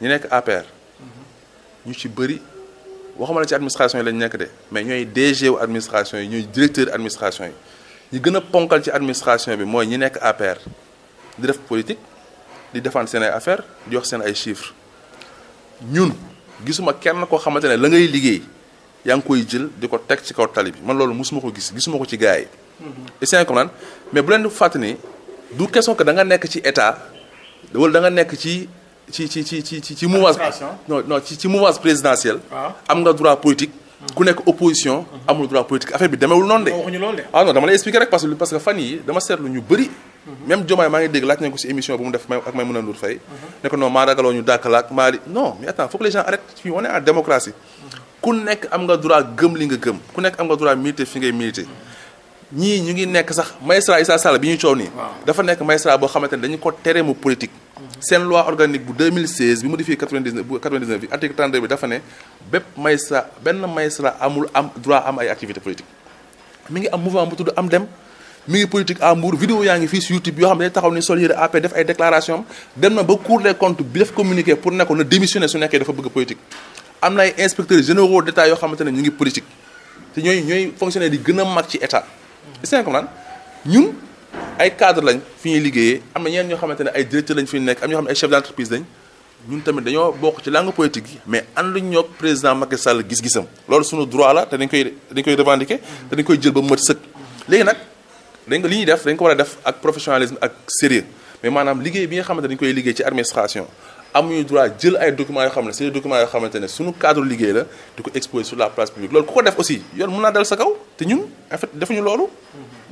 ñu nekk APR ñu ci bëri. waxuma la ci administration yi lañ nekk de mais ñooy DG wu administration yi ñooy directeur administration yi ñi gën a ponkal ci administration bi mooy ñi nekk APR di def politique di défendre seen ay affaires di wax seen ay chiffres ñun gisuma kenn koo xamante ne la ngay liggéey yaa ngi koy jël di ko teg ci kaw tali bi man loolu mosuma ko gis gisuma ko ci gaa yi. Mhm. est comme mais bu leen di fàttali du question que da nga nekk ci état wala da nga nekk ci ci ci ci ci ci mouvance non non ci ci mouvance présidentielle. Ah. am nga droit politique. ku nekk opposition. amul droit politique affaire bi demeewul noonu de. waxuñu ah non dama lay expliquer rek parce que parce que fan yi dama seetlu ñu bëri. même Diomaye maa ngi dégg laaj nañ ko ci émission bu mu def ak Maïmouna Ndour Faye. ne ko non maa ragaloo ñu dàkk la ak maa li non mais attends faut que les gens arrêtent fii on en démocratie. ku nekk am nga droit gëm li nga gëm ku nekk am nga droit militer fi ngay militer. ñii ñu ngi nekk sax magistrat Issa Sall bi ñu coow nii. dafa nekk magistrat boo xamante ne dañu ko tere mu politique. Mhm. seen loi organique bu 2016 bi modifié 99 bu 99 bi article 32 bi dafa ne bépp magistrat benn magistrat amul am droit am ay activité politique. mi ngi am mouvement bu tudd am dem mi ngi politique à Mbour yaa ngi fii si YouTube yoo xam ne taxaw ni sol yére AP def ay déclaration am dem na ba Cour des pour ne ko na démissionné su nekkee dafa bëgg politique. am na yoo xamante ne ñu ngi politique te ñooy ñooy fonctionnaire yi gën a mag ci état. est-ce que ñun ay cadre lañ fi ñuy liggéeyee am na ñeen ñoo xamante ne ay directeur lañ fi nekk am ñoo xam ne ay chef d'entreprise lañ ñun tamit dañoo bokk ci langue politique yi mais ànduñ ñoo président Macky Sall gis-gisam loolu suñu droit la te dañ koy dañ koy revendiquer te dañ koy jël ba mat sëkk léegi nag dañ ko li ñuy def dañ ko war a def ak professionnalisme ak sérieux mais maanaam liggéey bi nga xamante dañ koy liggéey ci administration amuñu droit jël ay documents yoo xam ne c'est des documents yoo xamante ne suñu cadre liggéey la di ko exposer su la place publique loolu ku ko def aussi yoon mun naa dal sa kaw te ñun en fait defuñu loolu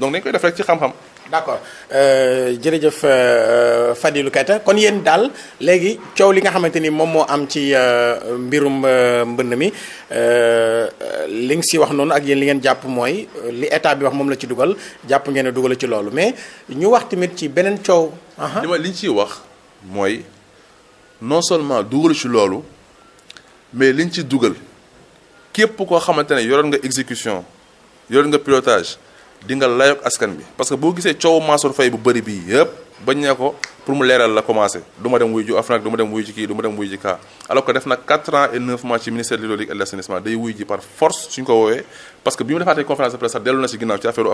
donc dañ koy def rek ci xam-xam d'accord euh, jërëjëf euh, Fadilou Keita kon yéen daal léegi coow li nga xamante ni moom moo am ci euh, mbirum mbënd mi li nga si wax noonu ak yéen li ngeen jàpp mooy li état bi wax moom la ci dugal jàpp ngeen ne dugal ci loolu mais ñu wax tamit ci beneen coow. li ma li ñu ciy wax mooy non seulement dugalu ci loolu mais liñ ci dugal képp koo xamante ne yoroon nga exécution yoroon nga pilotage di layoog askan bi parce que boo gisee coow Mansour Faye bu bëri bii yëpp bañ ne ko pour mu leeral la commencé du dem wuy ji kii du dem wuy ji kaa alors que def na 4 ans et 9 mois ci ministère de l'hydraulique et de l'assainissement day wuy ji par force suñ ko woowee parce que bi mu defaatee conférence de presse sax dellu na ci affaire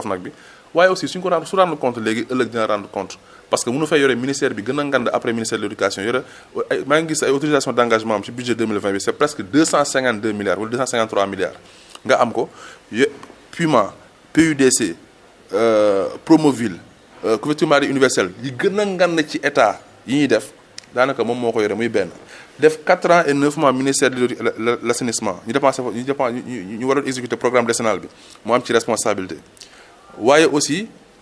parce que mënu fay yore ministère bi gën a ngand après ministère de l'éducation yore ay maa ngi gis ay autorisation d'engagement am ci budget bi c'est presque milliards euh, euh, gën a ngand ci état yi ñuy def daanaka moom moo ko yore muy benn def 4 ans et 9 mois ministère de ñu dépensé ñu dépensé ñu waroon exécuter programme décennal waaye aussi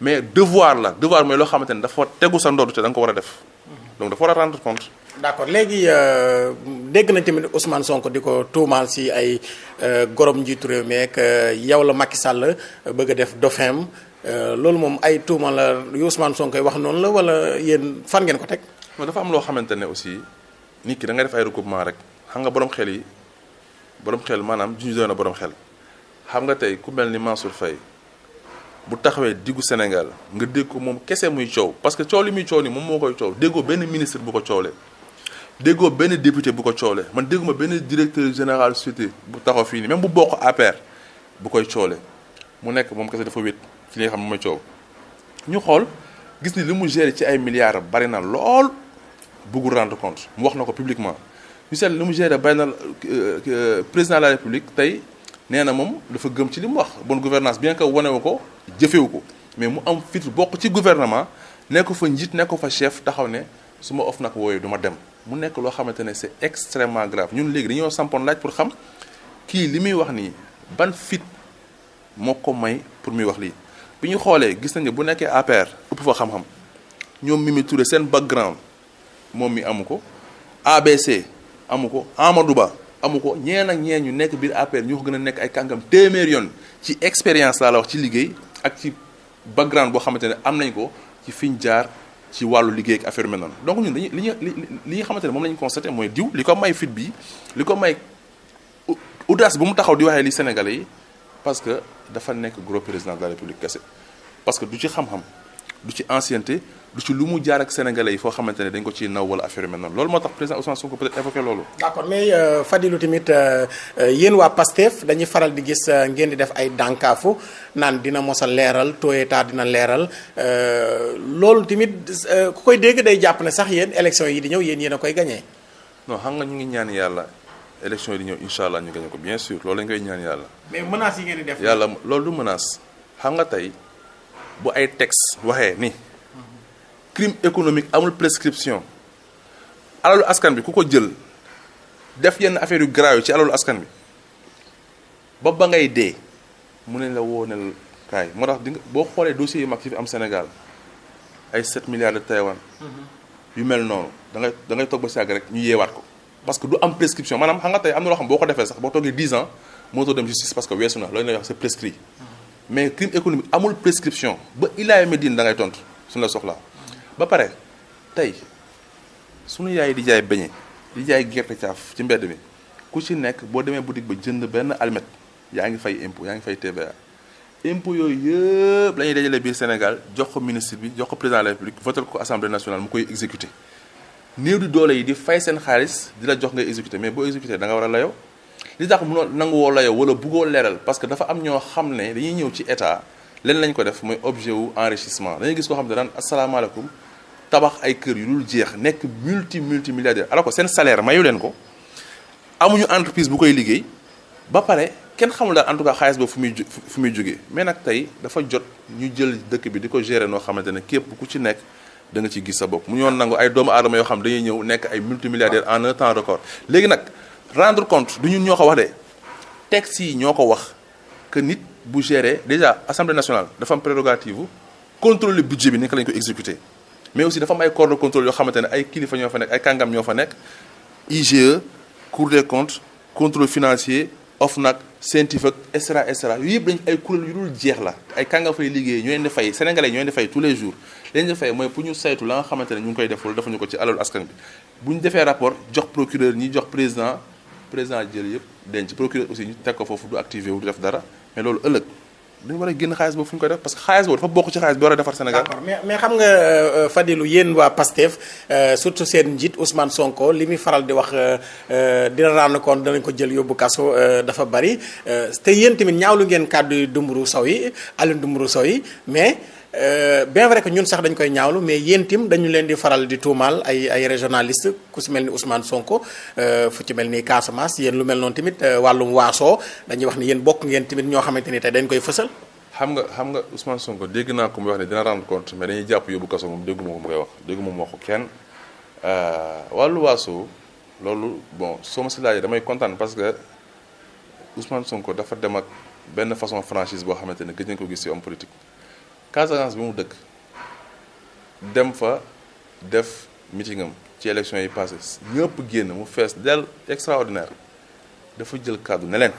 mais devoir la devoir mooy loo xamante ne dafa tegu sa ndodd te da ko war a def donc dafa war a rendre compte. d'accord léegi euh, dégg nañ tamit Ousmane Sonko di ko tuumaal si ay euh, gorom njiitu réew mi ak euh, yow la Macky Sall bëgg a def dofeem loolu moom ay tuuma la yu Ousmane Sonko wax noonu la wala yéen fan ngeen ko teg. non dafa am loo xamante ne aussi nit ki da nga def ay recoupement rek xam nga borom xel yi borom xel maanaam ju ñu na borom xel xam tey ku mel ni Mansour bu taxawee diggu Sénégal nga dégg ko moom kese muy coow parce que coow li muy coow ni moom moo koy coow déggoo benn ministre bu ko coowlee déggoo benn député bu ko coowlee man dégguma benn directeur général société bu taxaw fii ni même bu bokk APR bu koy coowlee mu nekk moom kese dafa wét ci li xam ne mooy coow ñu xool gis ni li mu géré ci ay milliards bari na lool bëggul rendre compte mu wax na ko publiquement ñu seet li mu géré bari na euh, euh, président la république tey nee na moom dafa gëm ci li mu wax bonne gouvernance bien que wanewu ko jëfewu ko mais mu am fit bokk ci gouvernement nekk fa njiit nekk fa chef taxaw ne su ma of nag wooyu duma dem mu nekk loo xamante ne c'est extrêmement grave ñun léegi dañoo sampoon laaj pour xam kii li muy wax nii ban fit moo ko may pour muy wax lii bu ñu xoolee gis nañu bu nekkee APR ëpp fa xam-xam ñoom Mimi Touré seen background moom mii amu ko ABC amu ko Amadou Ba amu ko ñeen ak ñeen ñu nekk biir APR ñoo ko gën a nekk ay kàngam téeméer yoon ci expérience laa la wax ci liggéey ak ci background boo xamante ne am nañ ko ci fiñ jaar ci wàllu liggéey ak affaire mel noonu donc ñun dañuy li ñu li nga xamante ne moom la ñu constaté mooy diw li ko may fit bi li ko may audace bu mu taxaw di waxee li sénégal yi parce que dafa nekk gros président de la république kese parce que du ci xam-xam du ci ancienneté du lu mu jaar ak sénégalais xamante ne dañ ko ciy naw wala affaire yu mel noonu loolu moo tax président Ousmane Sonko peut euh, tamit euh, euh, yéen waa PASTEF dañuy faral di gis ngeen di def ay dànkaafu naan dina mos a leeral tooyetaa dina leeral loolu tamit ku koy dégg day jàpp ne sax yéen élection yi di ñëw yéen yéen a koy gagné. non xam nga ñu ngi ñaan yàlla. élection yi di ñëw incha allah ñu gañe ko bien sûr loolu lañ koy ñaan yàlla. mais menaces yi ngeen di def. yàlla loolu du xam nga tey bu ay texte waxee ni crime économique amul prescription alalu askan bi ku ko jël def yenn affaire yu grave ci alalu askan bi ba ba ngay dee mu ne la woo ne kaay moo tax di boo xoolee dossiers yu mag yi fi am Sénégal ay 7 milliards de Taïwan. yu mel noonu da ngay ba si yàgg rek ñu yeewaat ko. parce que du am prescription maanaam xam nga tey am na loo xam boo ko defee sax boo toogee 10 ans mënatoo dem justice parce que weesu na loolu la ñuy wax c'est prescrit mais crime économique ba Ilaah Medine da ngay tontu suñu la soxlaa. ba pare tey sunu yaay di jaay beñe di jaay gerte caaf ci mbedd mi ku ci nekk boo demee boutique ba jënd benn almet yaa ngi fay impôt yaa ngi fay TVA impôt yooyu yëpp la ñuy dajale biir Sénégal jox ko ministre bi jox ko président de la République votal ko assemblée nationale mu koy exécuter néew di doole yi di fay seen xaalis di la jox ngay exécuter mais boo exécuter da nga war a layoo li tax munoo nanguwoo layoo wala buggoo leeral parce que dafa am ñoo xam ne dañuy ñëw ci état leen lañ ko def mooy objet wu enrichissement dañuy gis koo xam ne daan asalaamaaleykum tabax ay kër yu dul jeex nekk multi multi milliardaire alors ko seen salaire mayu leen ko amuñu entreprise bu koy liggéey ba pare kenn xamul daal en tout cas xaalis ba fu muy fu muy jógee mais nag tey dafa jot ñu jël dëkk bi di ko gérer noo xamante ne képp ku ci nekk da ci gis sa bopp mu ñoon nangu ay doomu aadama yoo xam dañuy ñëw nekk ay multimilliardaires en un temps record léegi nag rendre compte du ñun ñoo ko wax de texte yi ñoo ko wax que nit bu gérer déjà assemblée nationale dafa am prérogative contrôler budget bi naka lañ ko exécuter mais aussi dafa am ay corps de contrôle yoo xamante ne ay kilifa ñoo fa nekk ay kàngam ñoo fa nekk IGE cour de comptes contrôle financier OFNAC nag et cetera et cetera yooyu yëpp dañ ay kuréel yu dul jeex la ay kàngam fay liggéey ñoo leen di fay sénégalais ñoo leen fay tous les jours li fay mooy pour ñu saytu la nga xamante ne ñu ngi koy deful ñu ko ci alalu askan bi bu ñu defee rapport jox procureur ñi jox président président jël yëpp denc procureur aussi ñu teg ko foofu du activé wu du def loolu ëllëg dañu war a génn xaalis boobu fu ñu koy def parce que xaalis boobu dafa bokk ci xaalis bi war a defar Sénégal. d'accord mais mais xam nga euh, Fadilou yéen waa PASTEF euh, surtout seen njiit Ousmane Sonko li muy faral di wax euh, dina rendre compte danañ ko jël yóbbu kaso dafa bari te yéen tamit ñaawlu ngeen kàddu Dembourou Sow yi Aline Dembourou Sow yi mais. Euh, bien vrai que ñun sax dañ koy ñaawlu mais yéen tim dañu leen di faral di tuumaal ay ay régionaliste ku si mel ni Ousmane Sonko euh, fu ci mel ni Casamance yéen lu mel noonu tamit euh, wàllum waasoo dañuy wax ni yéen bokk ngeen tamit ñoo xamante ni tey dañ koy fësal. xam nga xam nga Ousmane Sonko dégg naa ko mu wax ne dina rendre compte mais jàpp yóbbu kaso moom dégguma ko mu koy wax dégguma mu wax ko wàllu waasoo loolu bon soo ma kontaan parce que Ousmane Sonko dafa dem ak benn façon franchise boo xamante ne gëj nañ ko gis si homme politique. Casamance bi mu dëkk dem fa def meeting am ci élection yi passé ñëpp génn mu fees dell extraordinaire dafa jël kàddu ne leen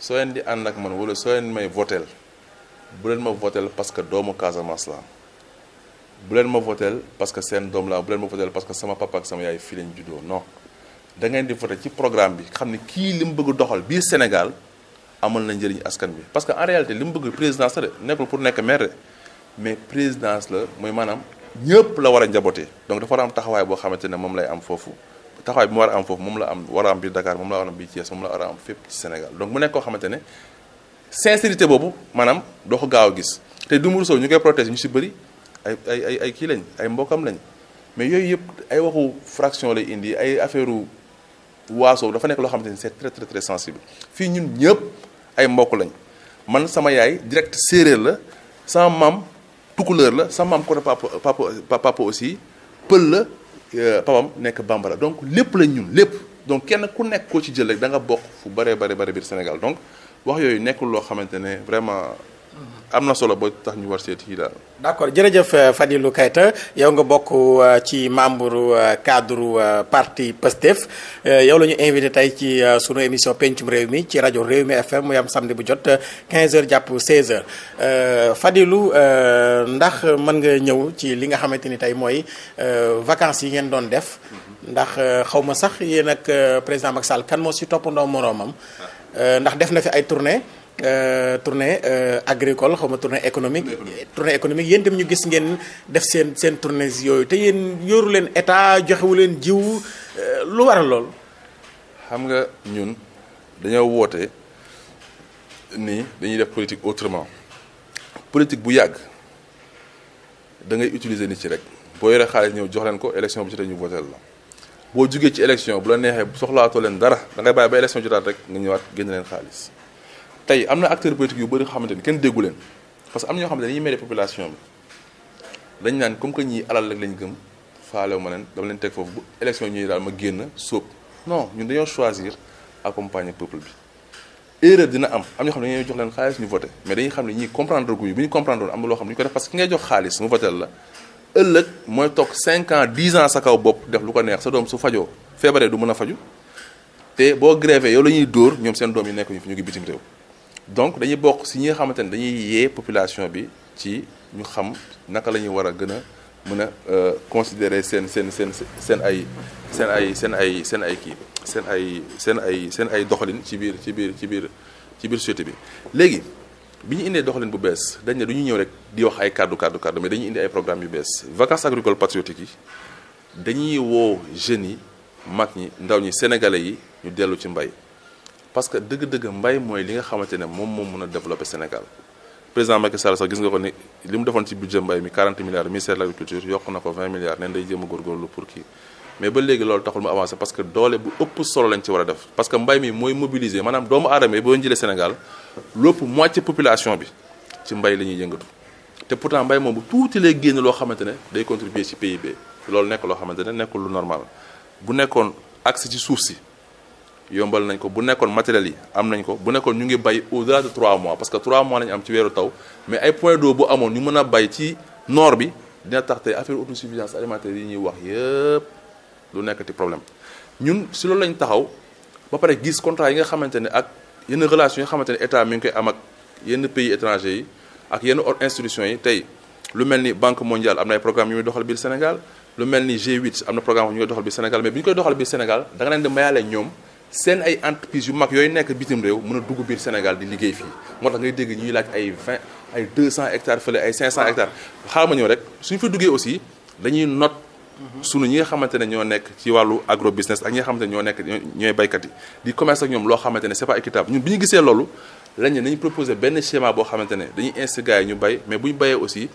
soo leen di ànd ak man wala soo leen may votel bu leen ma votel parce que doomu Casamance la bu leen ma votel parce que seen doom laa bu leen ma votel parce que sama papa ak sama yaay fii lañ juddoo non da ngeen di voté ci programme bi xam ne kii li mu bëgg doxal biir Sénégal amal na njëriñ askan bi parce que en réalité li mu bëgg présidence la de nekkul pour nekk maire mais présidence la mooy maanaam ñëpp la war a njabootee donc dafa war a am taxawaay boo xamante ne moom lay am foofu taxawaay bi mu war a am foofu moom la am war am biir Dakar moom la war a am biir a am fépp ci Sénégal donc mu nekk koo xamante ne sincérité boobu maanaam doo ko gaaw a gis te Dumourou Sow ñu koy protéger ñu si bëri ay ay ay kii lañ ay mbokkam lañ mais yooyu yëpp ay waxu fraction lay indi ay affaire waaso dafa nekk loo xamante ne c'est très très très sensible fii ñun ñëpp. ay mbokk lañ man sama yaay direct séeréer la sama maam tukulóor la sama maam côté papa papa papa aussi pël la euh, papam nekk bambara donc lépp lañ ñun lépp donc kenn ku nekk koo ci jël rek da nga bokk fu bëree bëri bëri biir Sénégal donc wax yooyu nekkul loo xamante ne vraiment am na solo ba tax ñu war seet daal. d' accord jërëjëf euh, Fadilou Keita yow nga bokk euh, ci membre euh, cadre parti PASTEF yow la ñu invité tey ci sunu émission pencum réew mi ci rajo Réew mi FM muy am samedi bu jot 15h jàpp 16h Fadilou ndax mën nga ñëw ci li nga xamante ni tey mooy vacances yi ngeen doon def. ndax xaw ma sax yéen ak président Macky kan moo si toppandoo moroomam. Ah. ndax def na fi ay tournée Euh, tournée euh, agricole xaw ma tournée économique. tournée économique yéen itam ñu gis ngeen def seen seen tournée yooyu te yéen yoru leen état joxewu leen jiw euh, lu waral lool. xam nga ñun dañoo woote ni dañuy def politique autrement politique bu yàgg da ngay utiliser nit ci rek boo yoree xaalis ñëw jox leen ko élection bu jotee ñu voté la. boo jugee ci élection bu la neexee soxlaatoo leen dara da ngay bàyyi ba élection jotaat rek nga ñëwaat génn leen xaalis. tey am na acteurs politiques yu bëri xamante ni kenn déggu leen parce que am na ñoo xam ne dañuy mere population bi dañ naan comme que ñii alal rek lañ gëm faalewu ma leen dama leen teg foofu bu élection yi ñuy daal ma génn sóob non ñun dañoo choisir accompagner peuple bi erreur dina am am ñoo xam ne dañuy jox leen xaalis ñu voté mais dañu xam ne ñii comprendre guñu bu ñu comprendre am na loo xam ne ñu ko def parce que ki ngay jox xaalis mu voté la ëllëg mooy toog 5 ans 10 sa kaw bopp def lu ko neex sa doom su fajoo feebaree du mën a faju te boo grévé yow la ñuy dóor ñoom seen doom yi nekk ñu fi ñu ngi donc dañuy bokk si ñi nga xamante ne dañuy yee population bi ci ñu xam naka la ñuy war a gën a mën a euh, considérer seen seen seen seen ay seen ay seen ay seen ay kii seen ay seen ay seen ay doxalin ci biir ci biir ci biir ci biir société bi léegi bi ñu indee doxalin bu bees dañ ne du ñëw rek di wax ay kàddu kàddu kàddu mais dañuy indi ay programme yu bees vacances agricoles patriotiques yi dañuy woo jeunes yi mag ñi ndaw ñi sénégalais yi ñu dellu ci mbay parce que dëgg-dëgg mbay mooy li nga xamante ne moom moo mën a développer Sénégal président Macky Sall sax gis nga ko ni li mu defoon ci budget mbay mi 40 milliards ministère de l'agriculture yokk na ko 20 milliards neen day jéem a góorgóorlu pour kii mais ba léegi loolu taxul mu avancer parce que doole bu ëpp solo lañ ci war a def parce que mbay mi mooy mobiliser maanaam doomu aadama yi boo jëlee Sénégal lépp moitié population bi ci mbay la ñuy yëngatu te pourtant mbay moom bu tuuti lay génn loo xamante ne day contribuer ci PIB loolu nekk loo xamante ne nekkul lu normal bu nekkoon accès ci suuf si yombal nañ ko bu nekkoon matériel yi am nañ ko bu nekkoon ñu ngi bay au-delà de 3 mois parce que 3 mois lañu am ci weeru taw mais ay point d'eau bu amoon ñu mën a bay ci noor bi dina tax tey affaire autosuffisance alimentaire yi ñuy wax yëpp du nekkati problème ñun si loolu lañ taxaw ba pare gis contrat yi nga xamante ne ak yenn relation yi nga xamante ne état mi ngi koy am ak yenn pays étrangers yi ak yenn institutions yi tey lu mel ni banque lu mel ni G8 am na programme bi ñu koy doxal biir ñoom seen ay entreprise yu mag yooyu nekk bitim réew mën a dugg biir Sénégal di liggéey fii moo tax ngay dégg ñuy laaj ay 20 ay 200 hectares fële ay 500 hectares xaaral ma ñëw rek suñu fa duggee aussi dañuy not sunu ñu nga xamante ne ñoo nekk ci wàllu agro business ak nga xamante ne ñoo nekk ñooy baykat yi di commerce ñoom loo xamante ne c'est pas équitable ñun bi ñu gisee loolu lañ nañu proposé benn schéma boo xamante ne dañuy incité yi ñu bay mais bu ñu bayee aussi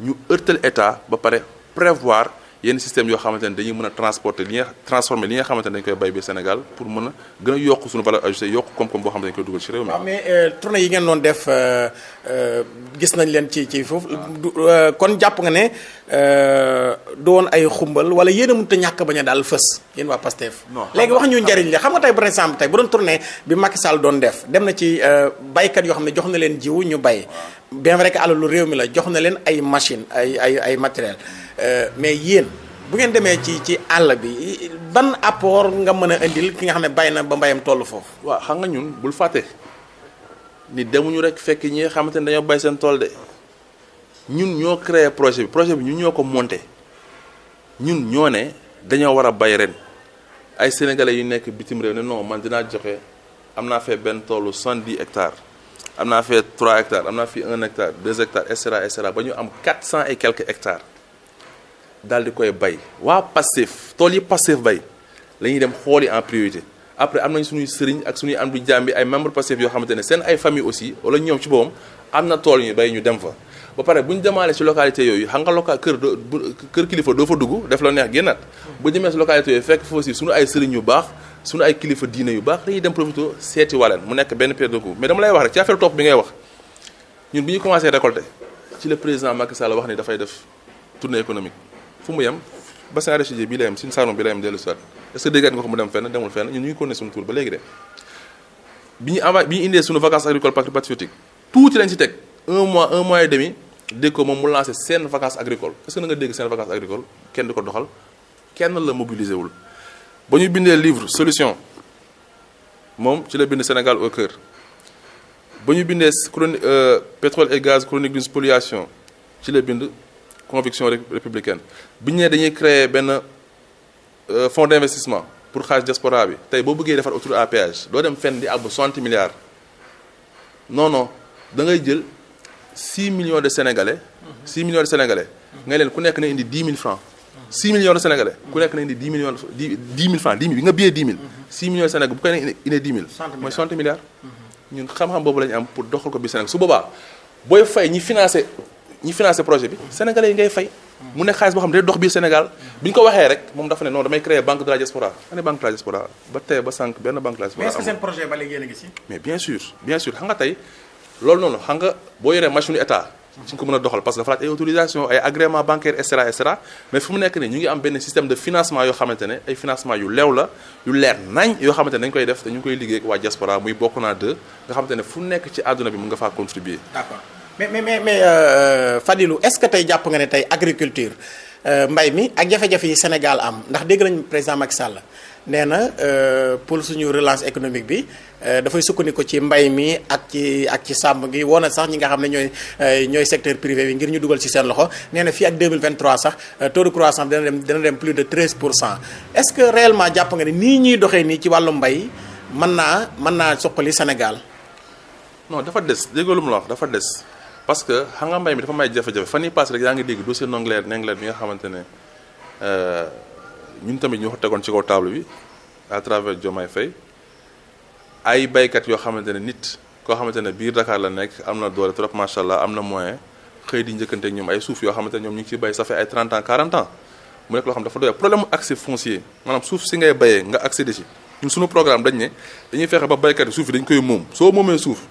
ñu ërtal état ba pare prévoir yenn système yoo xamante ne dañuy mën a transporter li nga transformer li nga xamante a gën a yokk suñu valeur ajoutée yokk koom-koom boo xam ne dañ koy dugal ci ah, euh, tournée yi ngeen doon def euh, euh, gis nañ leen ci ci foofu. Ah. kon jàpp nga ne doon ay xumbal wala yéen a a ñàkk bañ a daal fës yéen waa PASTEF. non léegi wax ñu njëriñ la xam nga tey par exemple tey bu doon tournée bi Macky Sall doon def dem na ci baykat yoo xam ne jox na leen jiwu ñu bay bien vrai que alalu réew mi la jox na leen ay machine ay ay ay matériel euh, mais yéen bu ngeen demee ci ci àll bi ban apport nga mën a indil ki nga xam ne bàyyi na ba mbayam toll foofu. waaw xam nga ñun bul fàtte ni demuñu rek fekk ñi nga xamante ni dañoo bay seen tool de ñun ñoo créé projet bi projet bi ñun ñoo ko monté ñun ñoo ne dañoo war a bay ren ay sénégalais yu nekk bitim réew ne non man dinaa joxe am naa fee benn toolu 110 hectares. am na fee 3 hectares am na fi 1 hectare 2 hectares sra sra et cetera ba ñu am 400 et quelques hectares daal di koy bay waa Pastef tool yi Pastef bay la ñuy dem xooli en priorité après am nañ suñuy sëriñ ak suñuy am du jàmbi ay membre Pastef yoo xamante ne seen ay famille aussi wala ñoom ci boppam am na tool ñu bay ñu dem fa. ba pare bu ñu demaale ci localité yooyu xam nga local kër doo kër kilifa doo fa dugg def la neex génnaat bu jëmee ci localité yooyu fekk ay sëriñ yu baax. suñu ay kilifa diine yu baax dañuy dem profité seeti waleen mu nekk benn période de coup mais dama lay wax rek ci affaire topp bi ngay wax ñun bi ñu commencé récolter ci le président Macky Sall wax ni dafay def tournée économique fu mu yem bassin arachidier bi la yem suñu saalum bi la yem dellu si est-ce que déggaat nga ko mu dem fenn demul fenn ñun ñu ngi continuer suñu tour ba léegi de bi ñu avant bi ñu indee suñu vacances agricoles patriotiques un mois demi ko moom mu seen vacances agricoles est que na nga dégg seen vacances agricoles kenn di ko doxal kenn la mobilisé wul. ba ñu bindee livre solution moom ci la bind Sénégal au cœur ba ñu bindee chronique euh, pétrole et gaz chronique d'une spoliation ci la bind conviction républicaine bi ñu nee dañuy créer benn euh, fonds d'investissement pour xaalis diaspora bi tey boo bëggee defar autoroute à péage doo dem fenn di àbb 60 milliards non non da ngay jël 6 millions de sénégalais. 6 millions de sénégalais. nga leen ku nekk na indi 10 000 francs. 6 millions de sénégalais ku nekk na indi 10 millions de 10 000 francs 10 bi nga biyee 10 000. 6 millions de sénégalais bu koy nekk indi 10 000. 60 milliards mooy 60 milliards. ñun xam-xam boobu la ñu am pour doxal ko biir Sénégal su boobaa booy fay ñi financé ñi financé projet bi sénégalais yi ngay fay. mu nekk xaalis boo xam ne day dox biir Sénégal bi ñu ko waxee rek moom dafa ne non damay créer banque de la diaspora ma ne banque de la diaspora ba tey ba sànq benn banque de la diaspora. a ngi noonu xam nga boo yoree machine état suñ ko mën a doxal parce que dafa laaj ay autorisation ay agrément bancaire et cetera mais fu mu nekk nii ñu ngi am benn système de financement yoo xamante ne ay financement yu leew la yu leer nañ yoo xamante ne dañ koy def te ñu ngi koy liggéey ak waa diaspora muy bokk naa deux nga xamante ne fu nekk ci àdduna bi mën nga faa contribuer. d'accord mais mais mais mais euh, Fadilou est-ce que tey jàpp nga ne tey agriculture euh, mbay mi ak jafe-jafe yi Sénégal am ndax dégg nañu président Macky Sall. nee na euh, pour suñu relance économique bi euh, dafay sukkandiku ci mbay mi ak ci ak ci sàmm gi woon na sax ñi nga xam ne ñooy euh, ñooy secteur privé bi ngir ñu dugal ci seen loxo neena fii ak 2023 sax taux de croissance dana dem dana dem plus de 13 pour cent est-ce que réellement jàpp nga ne nii ñuy doxee nii ci wàllu mbay man naa mën naa suqali Sénégal. non dafa des déggoo lu mu la dafa des parce que xam nga mbay mi dafa may jafe-jafe fan yii paase rek yaa ngi dégg dossier Ndingler Ndingler bi nga xamante ne. ñun tamit ñu ko tegoon ci kaw table bi à travers Diomaye Faye ay baykat yoo xamante ne nit koo xamante ne biir Dakar la nekk am na doole trop macha allah am na moyen xëy di njëkkante ak ñoom ay suuf yoo xamante ne ñoom ñu ngi ciy bay ça fait ay 30 ans 40 ans mu nekk loo xam dafa doy problème mu accès foncier suuf si ngay bayee nga accéder ci ñun suñu programme dañ ne dañuy fexe ba baykat yi suuf yi dañ koy moom soo moomee suuf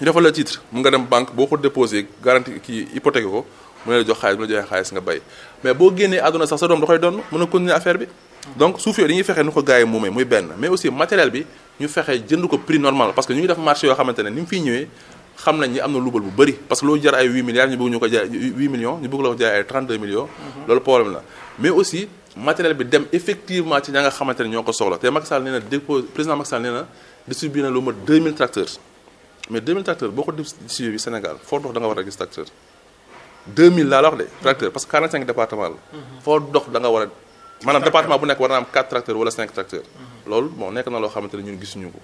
ñu defal la titre mu nga dem banque boo ko déposé garantie kii hypothèque ko mu ne la jox xaalis mu la joxee xaalis nga bay mais boo génnee àdduna sax sa doom da koy doon mën a continuer affaire bi donc suuf yooyu dañuy fexe nu ko gars yi muumee muy benn mais aussi matériel bi ñu fexe jënd ko prix normal parce que ñu ngi def marché yoo xamante ne ni mu fiy ñëwee xam nañ ni am na luubal bu bëri parce que loo jar ay 8 millions ñu bëgg la ko jaay ay 32 millions mhm. loolu problème la mais aussi matériel bi dem effectivement ci ña nga xamante ne ñoo ko soxla te Macky Sall nee na dépose président Macky Sall nee na distribué na a 2000 laa la wax de tracteur parce que 45 département la. Mhm. foo dox da nga war a. maanaam département bu nekk war na am 4 tracteurs wala 5 tracteurs. Mhm. loolu bon nekk na loo xamante ne ñun gisuñu ko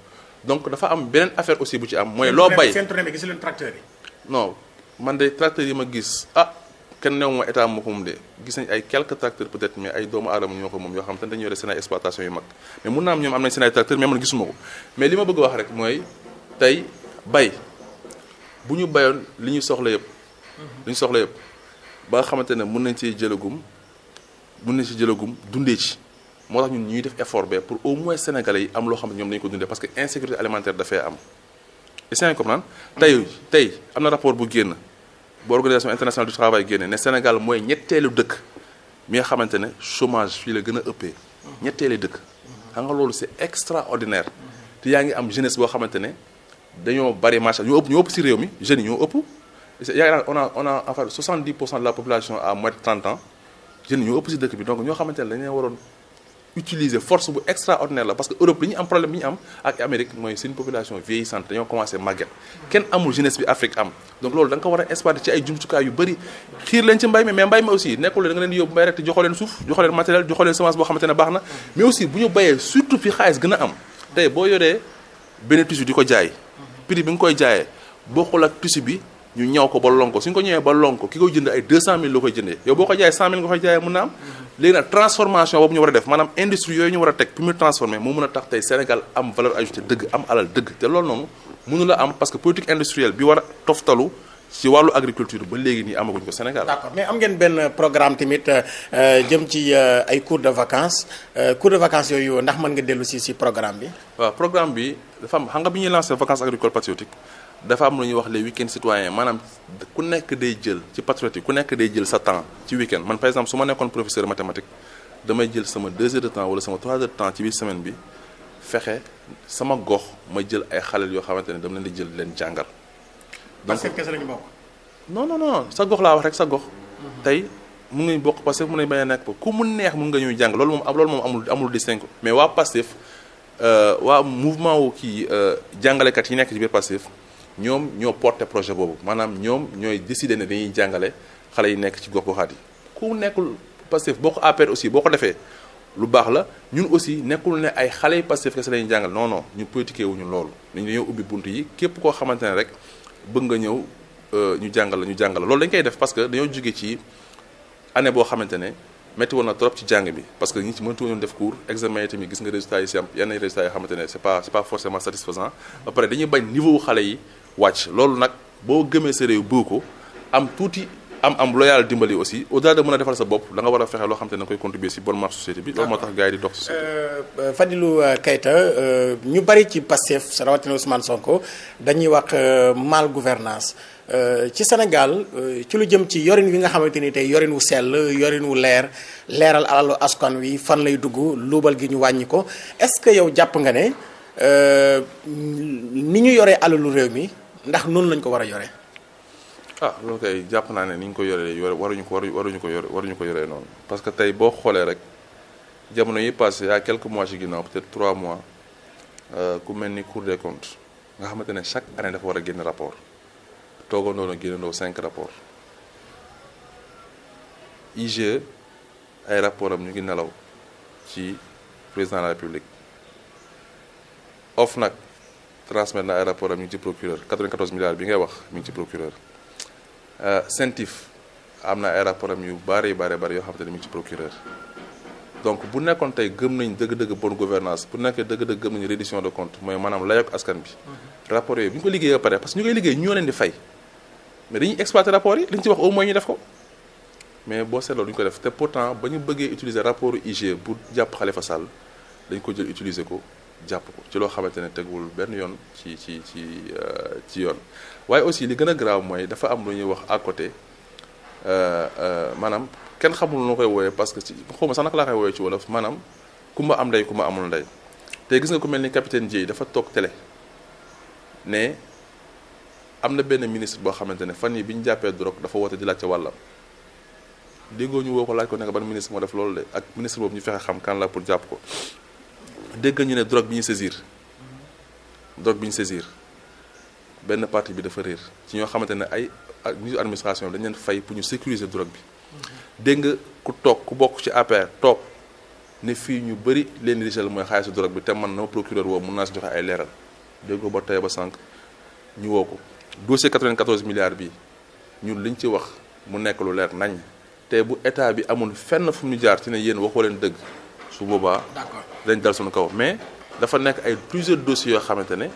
donc dafa am beneen affaire aussi bu ci am. mooy loo bay seen tournée bi gis leen tracteurs yi. man de tracteurs yi ma gis ah kenn new ma état moom de gis nañ ay quelques tracteurs peut être mais ay doomu aadama ñoo ko moom yoo xam te ne dañu yore seen ay exploitation yu mag mais mun naa am ñoom bay bu ñu bayoon li ñu soxla yëpp li ñu soxla yëpp ba nga xamante ne mën nañ ci jëlagum mën nañ ci jëlagum dundee ci moo tax ñu ñuy def effort ba pour au moins sénégalais yi am loo xam ne ñoom dañu ko dundee parce que insécurité alimentaire dafay am est-ce mm-hmm. tey am na rapport bu génn bu organisation internationale du travail génne ne Sénégal mooy ñetteelu dëkk mi nga xamante ne chômage fii la gën a ëppee mm-hmm. ñetteelu dëkk mm-hmm. xam nga loolu c'est extraordinaire te yaa ngi am jeunesse boo xamante ne dañoo bari marché ñoo ëpp ñoo ëpp si réew mi jeunes ñoo ëpp yaakaar naa on a on a en fait pour cent de la population à moins de 30 ans ñoo ëpp si dëkk bi donc ñoo xamante ne dañu waroon utiliser force bu extraordinaire la parce que Europe li ñu am problème bi ñu am ak Amérique mooy seen population vieillissante dañoo commencé màgget kenn amul jeunesse bi Afrique am donc loolu da ko war a exploiter ci ay jumtukaay yu bëri xiir leen ci mbay mi mais mbay mi aussi nekkul da leen yóbbu mbay a am tey boo yoree di ko jaay prix bi nga koy jaayee bokkul ak tissu bi ñu ñaw ko ba lon ko suñ ko ñëwee ba lon ko ki koy jënd ay 200000 la koy jëndee yow boo ko jaayee 100000 nga koy jaayee mën na am léegi nag transformation boobu ñu war a def maanaam industrie yooyu ñu war a teg pour mu transformer moo mën a tax tey Sénégal am valeur ajoutée dëgg am alal dëgg te loolu noonu mënu am parce que politique industrielle bi war a toftalu ci wàllu agriculture ba léegi nii amaguñ ko Sénégal. d'accord mais am ngeen benn programme tamit euh, jëm ci euh, ay cours de vacances euh, cours de vacances yooyu ndax mën dellu si si programme bi. waaw programme am xam bi ñuy lancé vacances agricoles patriotiques dafa am lu ñuy wax les week-end citoyens maanaam ku nekk day jël ci patriote yi ku nekk day jël sa temps ci week-end man par exemple su ma nekkoon professeur mathématique damay jël sama 2 heures de temps wala sama 3 heures de temps ci biir semaine bi fexe sama gox ma jël ay xale yoo xamante ne dama leen di jël leen jàngal. donc kese lañu bokk. non non non sa gox laa wax rek sa gox. Mhm. tey mu ngi bokk Pastef mu ne bañ a nekk ku mu neex mu nga ñuy jàng loolu moom loolu moom amul amul distinction mais waa Pastef euh, waa mouvement wu kii euh, jàngalekat yi nekk ci ñoom ñoo porté projet boobu maanaam ñoom ñooy décidé ne dañuy jàngale xale yi nekk ci gox goxaat yi ku nekkul Pastef boo ko APR aussi boo ko defee lu baax la ñun aussi nekkul ne ay xale yi Pastef kese lañuy jàngal non ñu politiqué wuñu loolu dañu dañoo ubbi bunt yi képp koo xamante ne rek bëgg nga ñëw euh, ñu jàngal la ñu jàngal la loolu dañ koy def parce que dañoo jóge ci année boo xamante ne métti woon na trop ci jàng bi parce que ñi ci mëntu woon def cours examen yi tamit gis nga résultats yi ba pare xale yi wàcc loolu nag boo gëmee sa réew bëgg ko am tuuti am am loo yàlla dimbali aussi au delà de mën a defal sa bopp danga war a fexe loo xam te ne koy contribuer ci bonne marche société bi loolu moo tax gars yi di dox société euh, euh, Fadilou euh, Keita ñu bari ci Pastef sa rawatina Ousmane Sonko dañuy wax mal gouvernance ci Sénégal ci lu jëm ci yorin wi nga xamante ni tey yorin wu sell yorin wu leer leeral alalu askan wi fan lay dugg luubal gi ñu wàññi ko est-ce que yow jàpp nga ne ni ñu yoree alalu réew mi ndax noonu lañ ko war a yore. ah loolu kay jàpp naa ne ni ñu ko yoree yore waruñu ko waruñu ko yore waruñu ko yoree noonu parce que tey boo xoolee rek jamono yi passé y a mois ci ginnaaw peut-être trois mois euh, ku mel ni cour de comptes nga xamante ne chaque année dafa war a génn rapport toogandoo na génnandoo cinq rapport IGE ay rapport am ñu ngi nelaw ci président de la République OFNAC. transmettre na ay rapport am ñu ngi ci procureur 94 milliards bi ngay wax mi ci procureur CENTIF euh, am na ay rapport yu bari yu bari bari yoo xam te ne mi ngi ci procureur donc bu nekkoon tey gëm nañ dëgg-dëgg bonne gouvernance bu nekkee dëgg-dëgg gëm nañ reddition de compte mooy maanaam layoog askan bi mhm. rapport yooyu bu ñu ko liggéeyee ba pare parce que ñu koy liggéey ñoo leen di fay mais dañuy exploiter rapport yi li ñu ci wax au moins ñu def boo seetloo du ñu ko def te pourtant ba ñu bëggee utiliser rapport IGE bu jàpp Khalifa Sall dañ ko jël utiliser ko jàpp ko ci loo xamante ne teguwul benn yoon ci ci ci euh, ci yoon waaye aussi li gën a grave mooy dafa am lu ñuy wax à côté euh, euh, maanaam kenn xamul noo koy wooyee parce que ci xaw ma sax naka laa koy wooyee ci wolof maanaam ku ma am ndey ku ma amul ndey te gis nga ku mel ni capitaine Dièye dafa toog télé ne am na benn ministre boo xamante ne fan yi bi ñu jàppee drogue dafa woote di laajte wàllam déggoo ñu woo ko laaj ko ne ban ministre moo def loolu de ak ministre boobu ñu fexe xam kan la pour jàpp ko dégg ñu ne drogue bi ñu saisir drogue bi ñu saisir benn partie bi dafa réer ci ñoo xamante ne ay nitu administration dañ fay pour ñu sécuriser drogue bi dégg nga ku toog ku bokk ci APR toog ne fii ñu bëri leen rijal mooy xaalisu drogue bi te man na procureur woo mun naa si joxe ay leeral dégg ba tey ba sànq ñu woo ko dossier 94 milliards bi ñun liñ ci wax mu nekk lu leer nañ te bu état bi amul fenn fu ñu jaar ci ne yéen waxoo leen dëgg su boobaa dañ dal suñu kaw mais dafa nekk ay plusieurs dossiers yoo xamante ne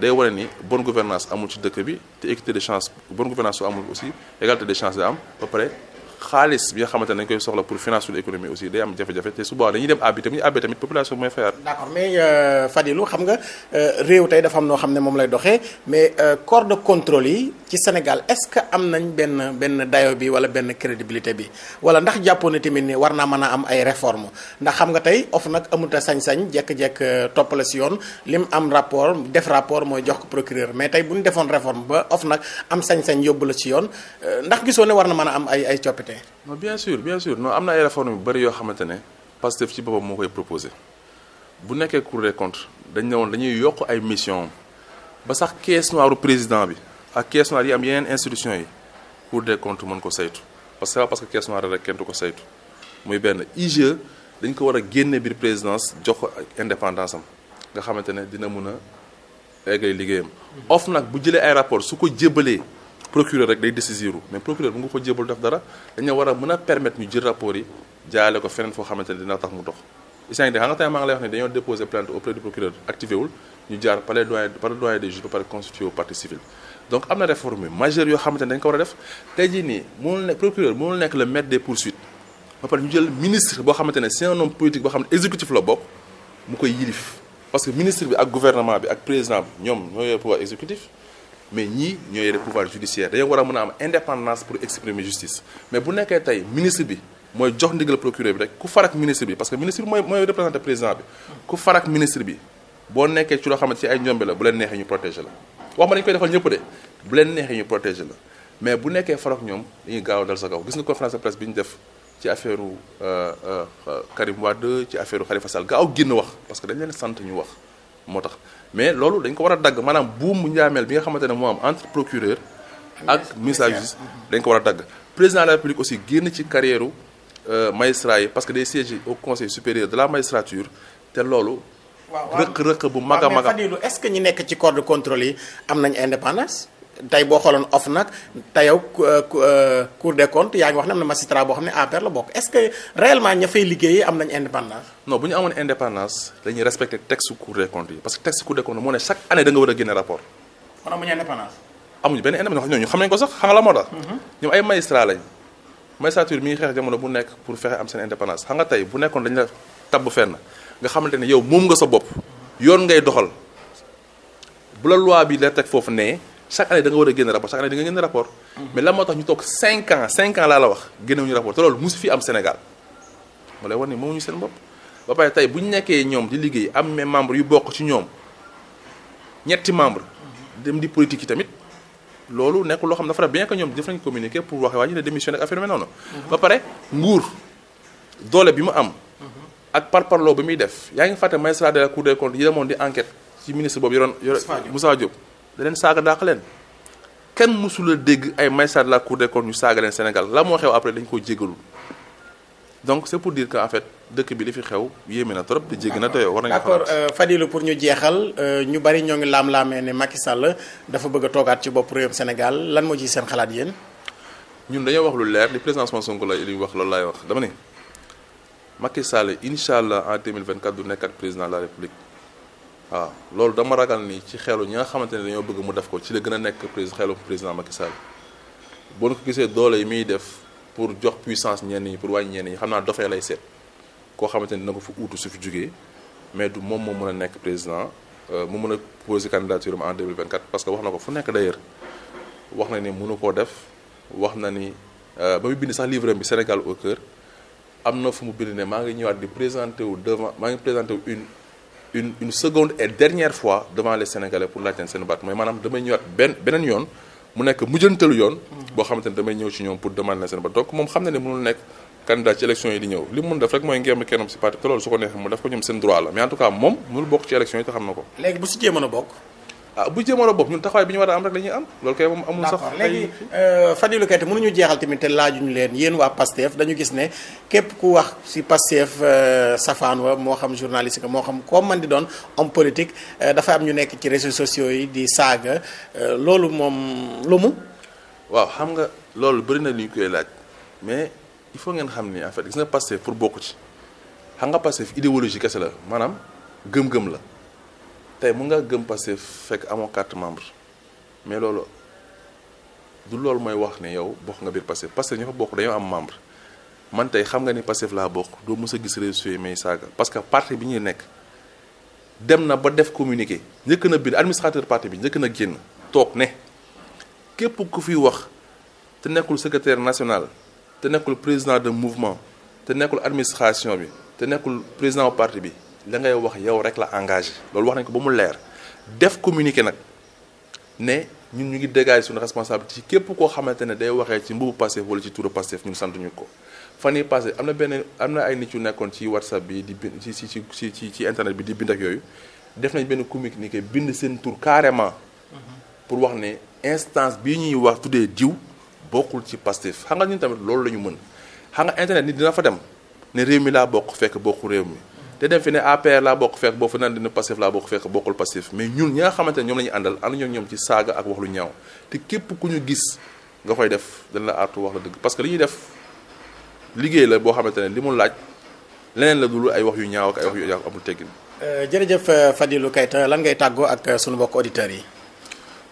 day wane ni bonne gouvernance amul ci dëkk bi te équité de chance bonne gouvernance su amul aussi égalité de chance da am ba pare xaalis bi nga xamante ne dañ koy soxla pour financer l'économie aussi day am jafe-jafe te su dañuy dem àbbi tamit euh, xam nga euh, réew tey dafa am xam ne moom lay doxee mais euh, corps de contrôle yi ci Sénégal est-ce que am nañ benn benn dayo bi wala benn crédibilité bi wala ndax jàppoon na tamit ni war naa mën a am ay reforme ndax xam nga tey of nag amut a sañ-sañ jekk-jekk la si yoon lim am rapport def rapport mooy jox ko procureur mais tey bu ñu defoon réforme ba of nag am sañ-sañ yóbbu la ci yoon ndax gisoo ne war na mën a am ay ay coppite voté. non bien sûr bien sûr non am na ay réformes yu bëri yoo xamante ne Pastef ci boppam moo koy proposé bu nekkee Cour des comptes dañ ne woon dañuy yokk ay mission ba sax caisse noire président bi ak caisse noire yi am yeneen institution yi Cour des comptes mën ko saytu parce que parce que caisse noire rek kenn du ko saytu muy benn IGE dañ ko war a génne biir présidence jox ko indépendance am nga xamante ne dina mun a eggali liggéeyam. of nag bu jëlee ay rapport su ko jébalee. procureur rek day décisiru mais procureur bu nga ko jébal def dara dañu war a mën a permettre ñu jël rapport yi jaale ko feneen foo xamante dina tax mu dox isaan de dañ ko war a def tey jii nii mënul nekk procureur mënul nekk le maître des poursuites ba pare ñu jël ministre boo xamante ne c'est un boo xam ne la bokk mu koy yilif parce que ministre bi ak gouvernement bi ak président bi ñoom ñoo yor pouvoir exécutif mais ñii ñoo yore pouvoir judiciaire dañoo war a mën a am indépendance pour exprimer justice mais bu nekkee tey ministre bi mooy jox ndigal procureur bi rek ku farak ministre bi parce que ministre bi mooy mooy représenté président bi ku farak ministre bi boo nekkee ci loo xamante ci ay njombe la bu leen neexee ñu protéger la wax ma dañu koy defal ñëpp de bu leen neexee ñu mais bu nekkee farak ñoom dañuy gaaw dal sa kaw gis nga conférence de presse bi ñu def ci affaire euh, euh, Karim Wade ci affaire Khalifa gaaw génn wax parce que dañ leen sant ñu wax moo tax mais loolu dañ ko war a dagg maanaam buumu njaameel bi nga xamante ne moo am entre procureur ak messager dañ ko war a dagg président de la république aussi génn ci carrière euh, magistrat yi parce que day siège au conseil supérieur de la magistrature te loolu rëq-rëq bu mag a mag a est-ce que ñi nekk ci corps de contrôle yi am nañ indépendance tey boo xoloon OFNAC tey yow euh, euh, Cour des comptes yaa ngi wax ne am na magistrat boo xam ne APR la bokk est-ce que réellement ña fay liggéeyee am nañ indépendance. non bu ñu amoon indépendance dañuy respecter texte Cour des comptes yi parce que texte Cour des comptes moo ne chaque année da nga war a génne rapport. kon mhm. pour fexe am seen indépendance xam nga tey bu nekkoon dañu la tabb fenn nga moom nga sa bopp yoon ngay doxal bu la loi bii la teg foofu nee. chaque année da nga war a génn rapport chaque année da nga génn rapport. Mhm. mais lan moo tax ñu toog 5 ans 5 ans laa la wax génnewuñu rapport te loolu mosu fi am Sénégal moo lay wax ni moomuñu seen bopp. ba pare tey bu ñu nekkee ñoom di liggéey am mes membres yu bokk ci ñoom ñetti membre dem di politique yi tamit loolu nekkul loo xam dafa bien que ñoom def nañ communiqué pour waxe waa ñu ne démissionné affaire bi noonu. Mhm. ba pare nguur doole bi mu am. Mhm. ak parparloo bi def yaa ngi fàtte magistrat de la cour des comptes yi demoon di enquête ci ministre boobu yoroon. da leen saaga dàq leen kenn mësula dégg ay magistrat la cour des comptes ñu saaga leen Sénégal la moo xew après dañ ko jégalu donc c' est pour dire que en dëkk bi li fi xew yéeme na trop te jéggi na te war nañu. d'accord euh, Fadilou pour ñu jeexal euh, ñu bari ñoo ngi laam-laamee ne Macky Sall dafa bëgg a toogaat ci bopp réewum Sénégal lan moo ci seen xalaat yéen. ñun dañoo wax lu leer li président Ousmane Sonko la wax loolu laay wax dama ne Macky Sall incha allah en 2024 du nekkat président de la waaw loolu dama ragal ni ci xelu ñi nga xamante ne dañoo bëgg mu def ko ci la gën a nekk président xelu président Macky Sall boo ko gisee doole yi muy def pour jox puissance ñenn ñi pour wàññi ñenn ñi xam naa dofee lay seet koo xamante ne dina ko fi uutu su fi jógee mais du moom moo mën a nekk président euh, mu mën a poser candidature am en 2024 parce que wax na ko fu nekk d'ailleurs wax na ni mënu koo def wax na ni euh, ba muy bind sax livre bi Sénégal au cœur am na fu mu bind ne maa ngi ñëwaat di présenté wu devant maa ngi présenté wu une une une seconde et dernière fois devant les sénégalais pour laaj leen seen baat mooy maanaam damay ñëwaat benn beneen yoon mu nekk mujjantalu yoon. boo xamante ne damay ñëw ci ñoom pour demander seen baat donc moom xam na ne mënul nekk candidat ci élection yi di ñëw li mu def rek mooy ngéem kennam si parti te loolu su ko neexee mu def ko ñoom seen droit la mais en moom mënul bokk ci élection yi te xam na ko. léegi bu si jéem a bokk. ah bu jéemoon a bopp ñun taxawaay bi ñu war a am rek la ñuy am loolu kay moom amul sax léegi euh, Fadilou Keita mënuñu jeexal tamit te laajuñu leen yéen waa Pastef dañu gis ne képp ku wax si Pastef euh, safaan wa moo xam journaliste moo xam koo man di doon homme politique euh, dafa am ñu nekk ci réseaux sociaux yi di saaga loolu moom lu mu waaw xam nga loolu bëri na li ñu koy laaj mais il faut ngeen xam ni en fait gis nga Pastef pour bokk ci xam nga Pastef idéologie kese la maanaam gëm la tey mun nga gëm Pastef fekk amoo carte membre mais loolu du loolu mooy wax ne yow bokk nga biir Pastef Pastef ñu fa bokk dañoo am membre man tey xam nga ni Pastef laa bokk doo mës a gis réseaux yi may saaga parce que parti bi ñuy nekk dem na ba def communiqué njëkk na bind administrateur parti bi njëkk na génn toog ne képp ku fi wax te nekkul secrétaire national te nekkul président de mouvement te nekkul administration bi te nekkul président parti bi la wax yow rek la engagé loolu wax nañ ko ba mu leer def communiqué nag ne ñun ñu ngi dégager suñu responsabilité ci képp koo xamante ne day waxee ci mbubu Pastef wala ci turu Pastef ñun santuñu ko fan yii passé am na benn am na ay nit yu nekkoon ci whatsapp bi di bind ci ci ci ci ci internet bi di bind ak yooyu def nañ benn communiqué bind seen tur carrément mhm. pour wax ne instance bii ñuy wax tuddee diw bokkul ci Pastef xam nga ñun tamit loolu la ñu mën xam nga internet nit dina fa dem ne réew mi bokk fekk bokku réew mi te dem fi ne APR laa bokk fekk boo fa nan dina passif laa bokk fekk bokkul passif mais ñun ñi nga xamante ne ñoom la ñu àndal ànd ñoo ñoom ci saaga ak wax lu ñaaw te képp ku ñu gis nga koy def dañ la artu wax la dëgg parce que li def liggéey la boo xamante ne li mu laaj leneen la dul ay wax yu ñaaw ak ay wax yu amul teggin. Euh, jërëjëf euh, Fadilou Keita lan ngay tàggoo ak euh, suñu bokk auditeurs yi.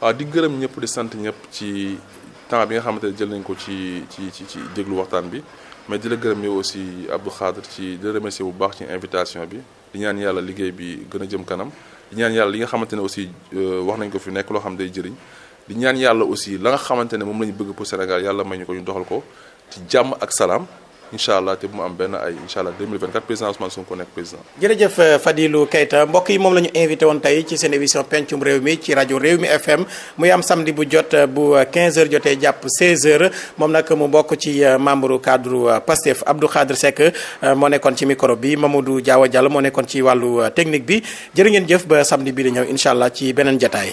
waaw ah, di gërëm ñëpp di sant ñëpp ci temps bi nga xamante ne jël nañ ko ci ci ci ci déglu waxtaan bi. mais di la gërëm aussi Abdou Khadre ci di remercier bu baax ci invitation bi di ñaan yàlla liggéey bi gën a jëm kanam di ñaan yàlla li nga xamante ne aussi euh, wax nañ ko fi nekk loo xam day jëriñ di ñaan yàlla aussi la nga xamante ne moom la ñu bëgg pour Sénégal yàlla may ñu ko ñu doxal ko ci jàmm ak salaam incha allah te bu mu am benn ay incha allah 2024 président Ousmane Sonko nekk président. jërëjëf euh, mbokk yi moom la ñu invité woon tey ci seen émission pencum réew mi ci rajo réew mi FM muy am samedi bu jot euh, bu 15h euh, jotee jàpp 16h moom nag mu mbokk ci membre cadre Pastef Abdou Khadre Seck moo nekkoon ci micro bi du Diawa Diallo moo nekkoon ci wàllu technique bi jërë ngeen jëf ba samdi bi di ñëw allah ci beneen jataay.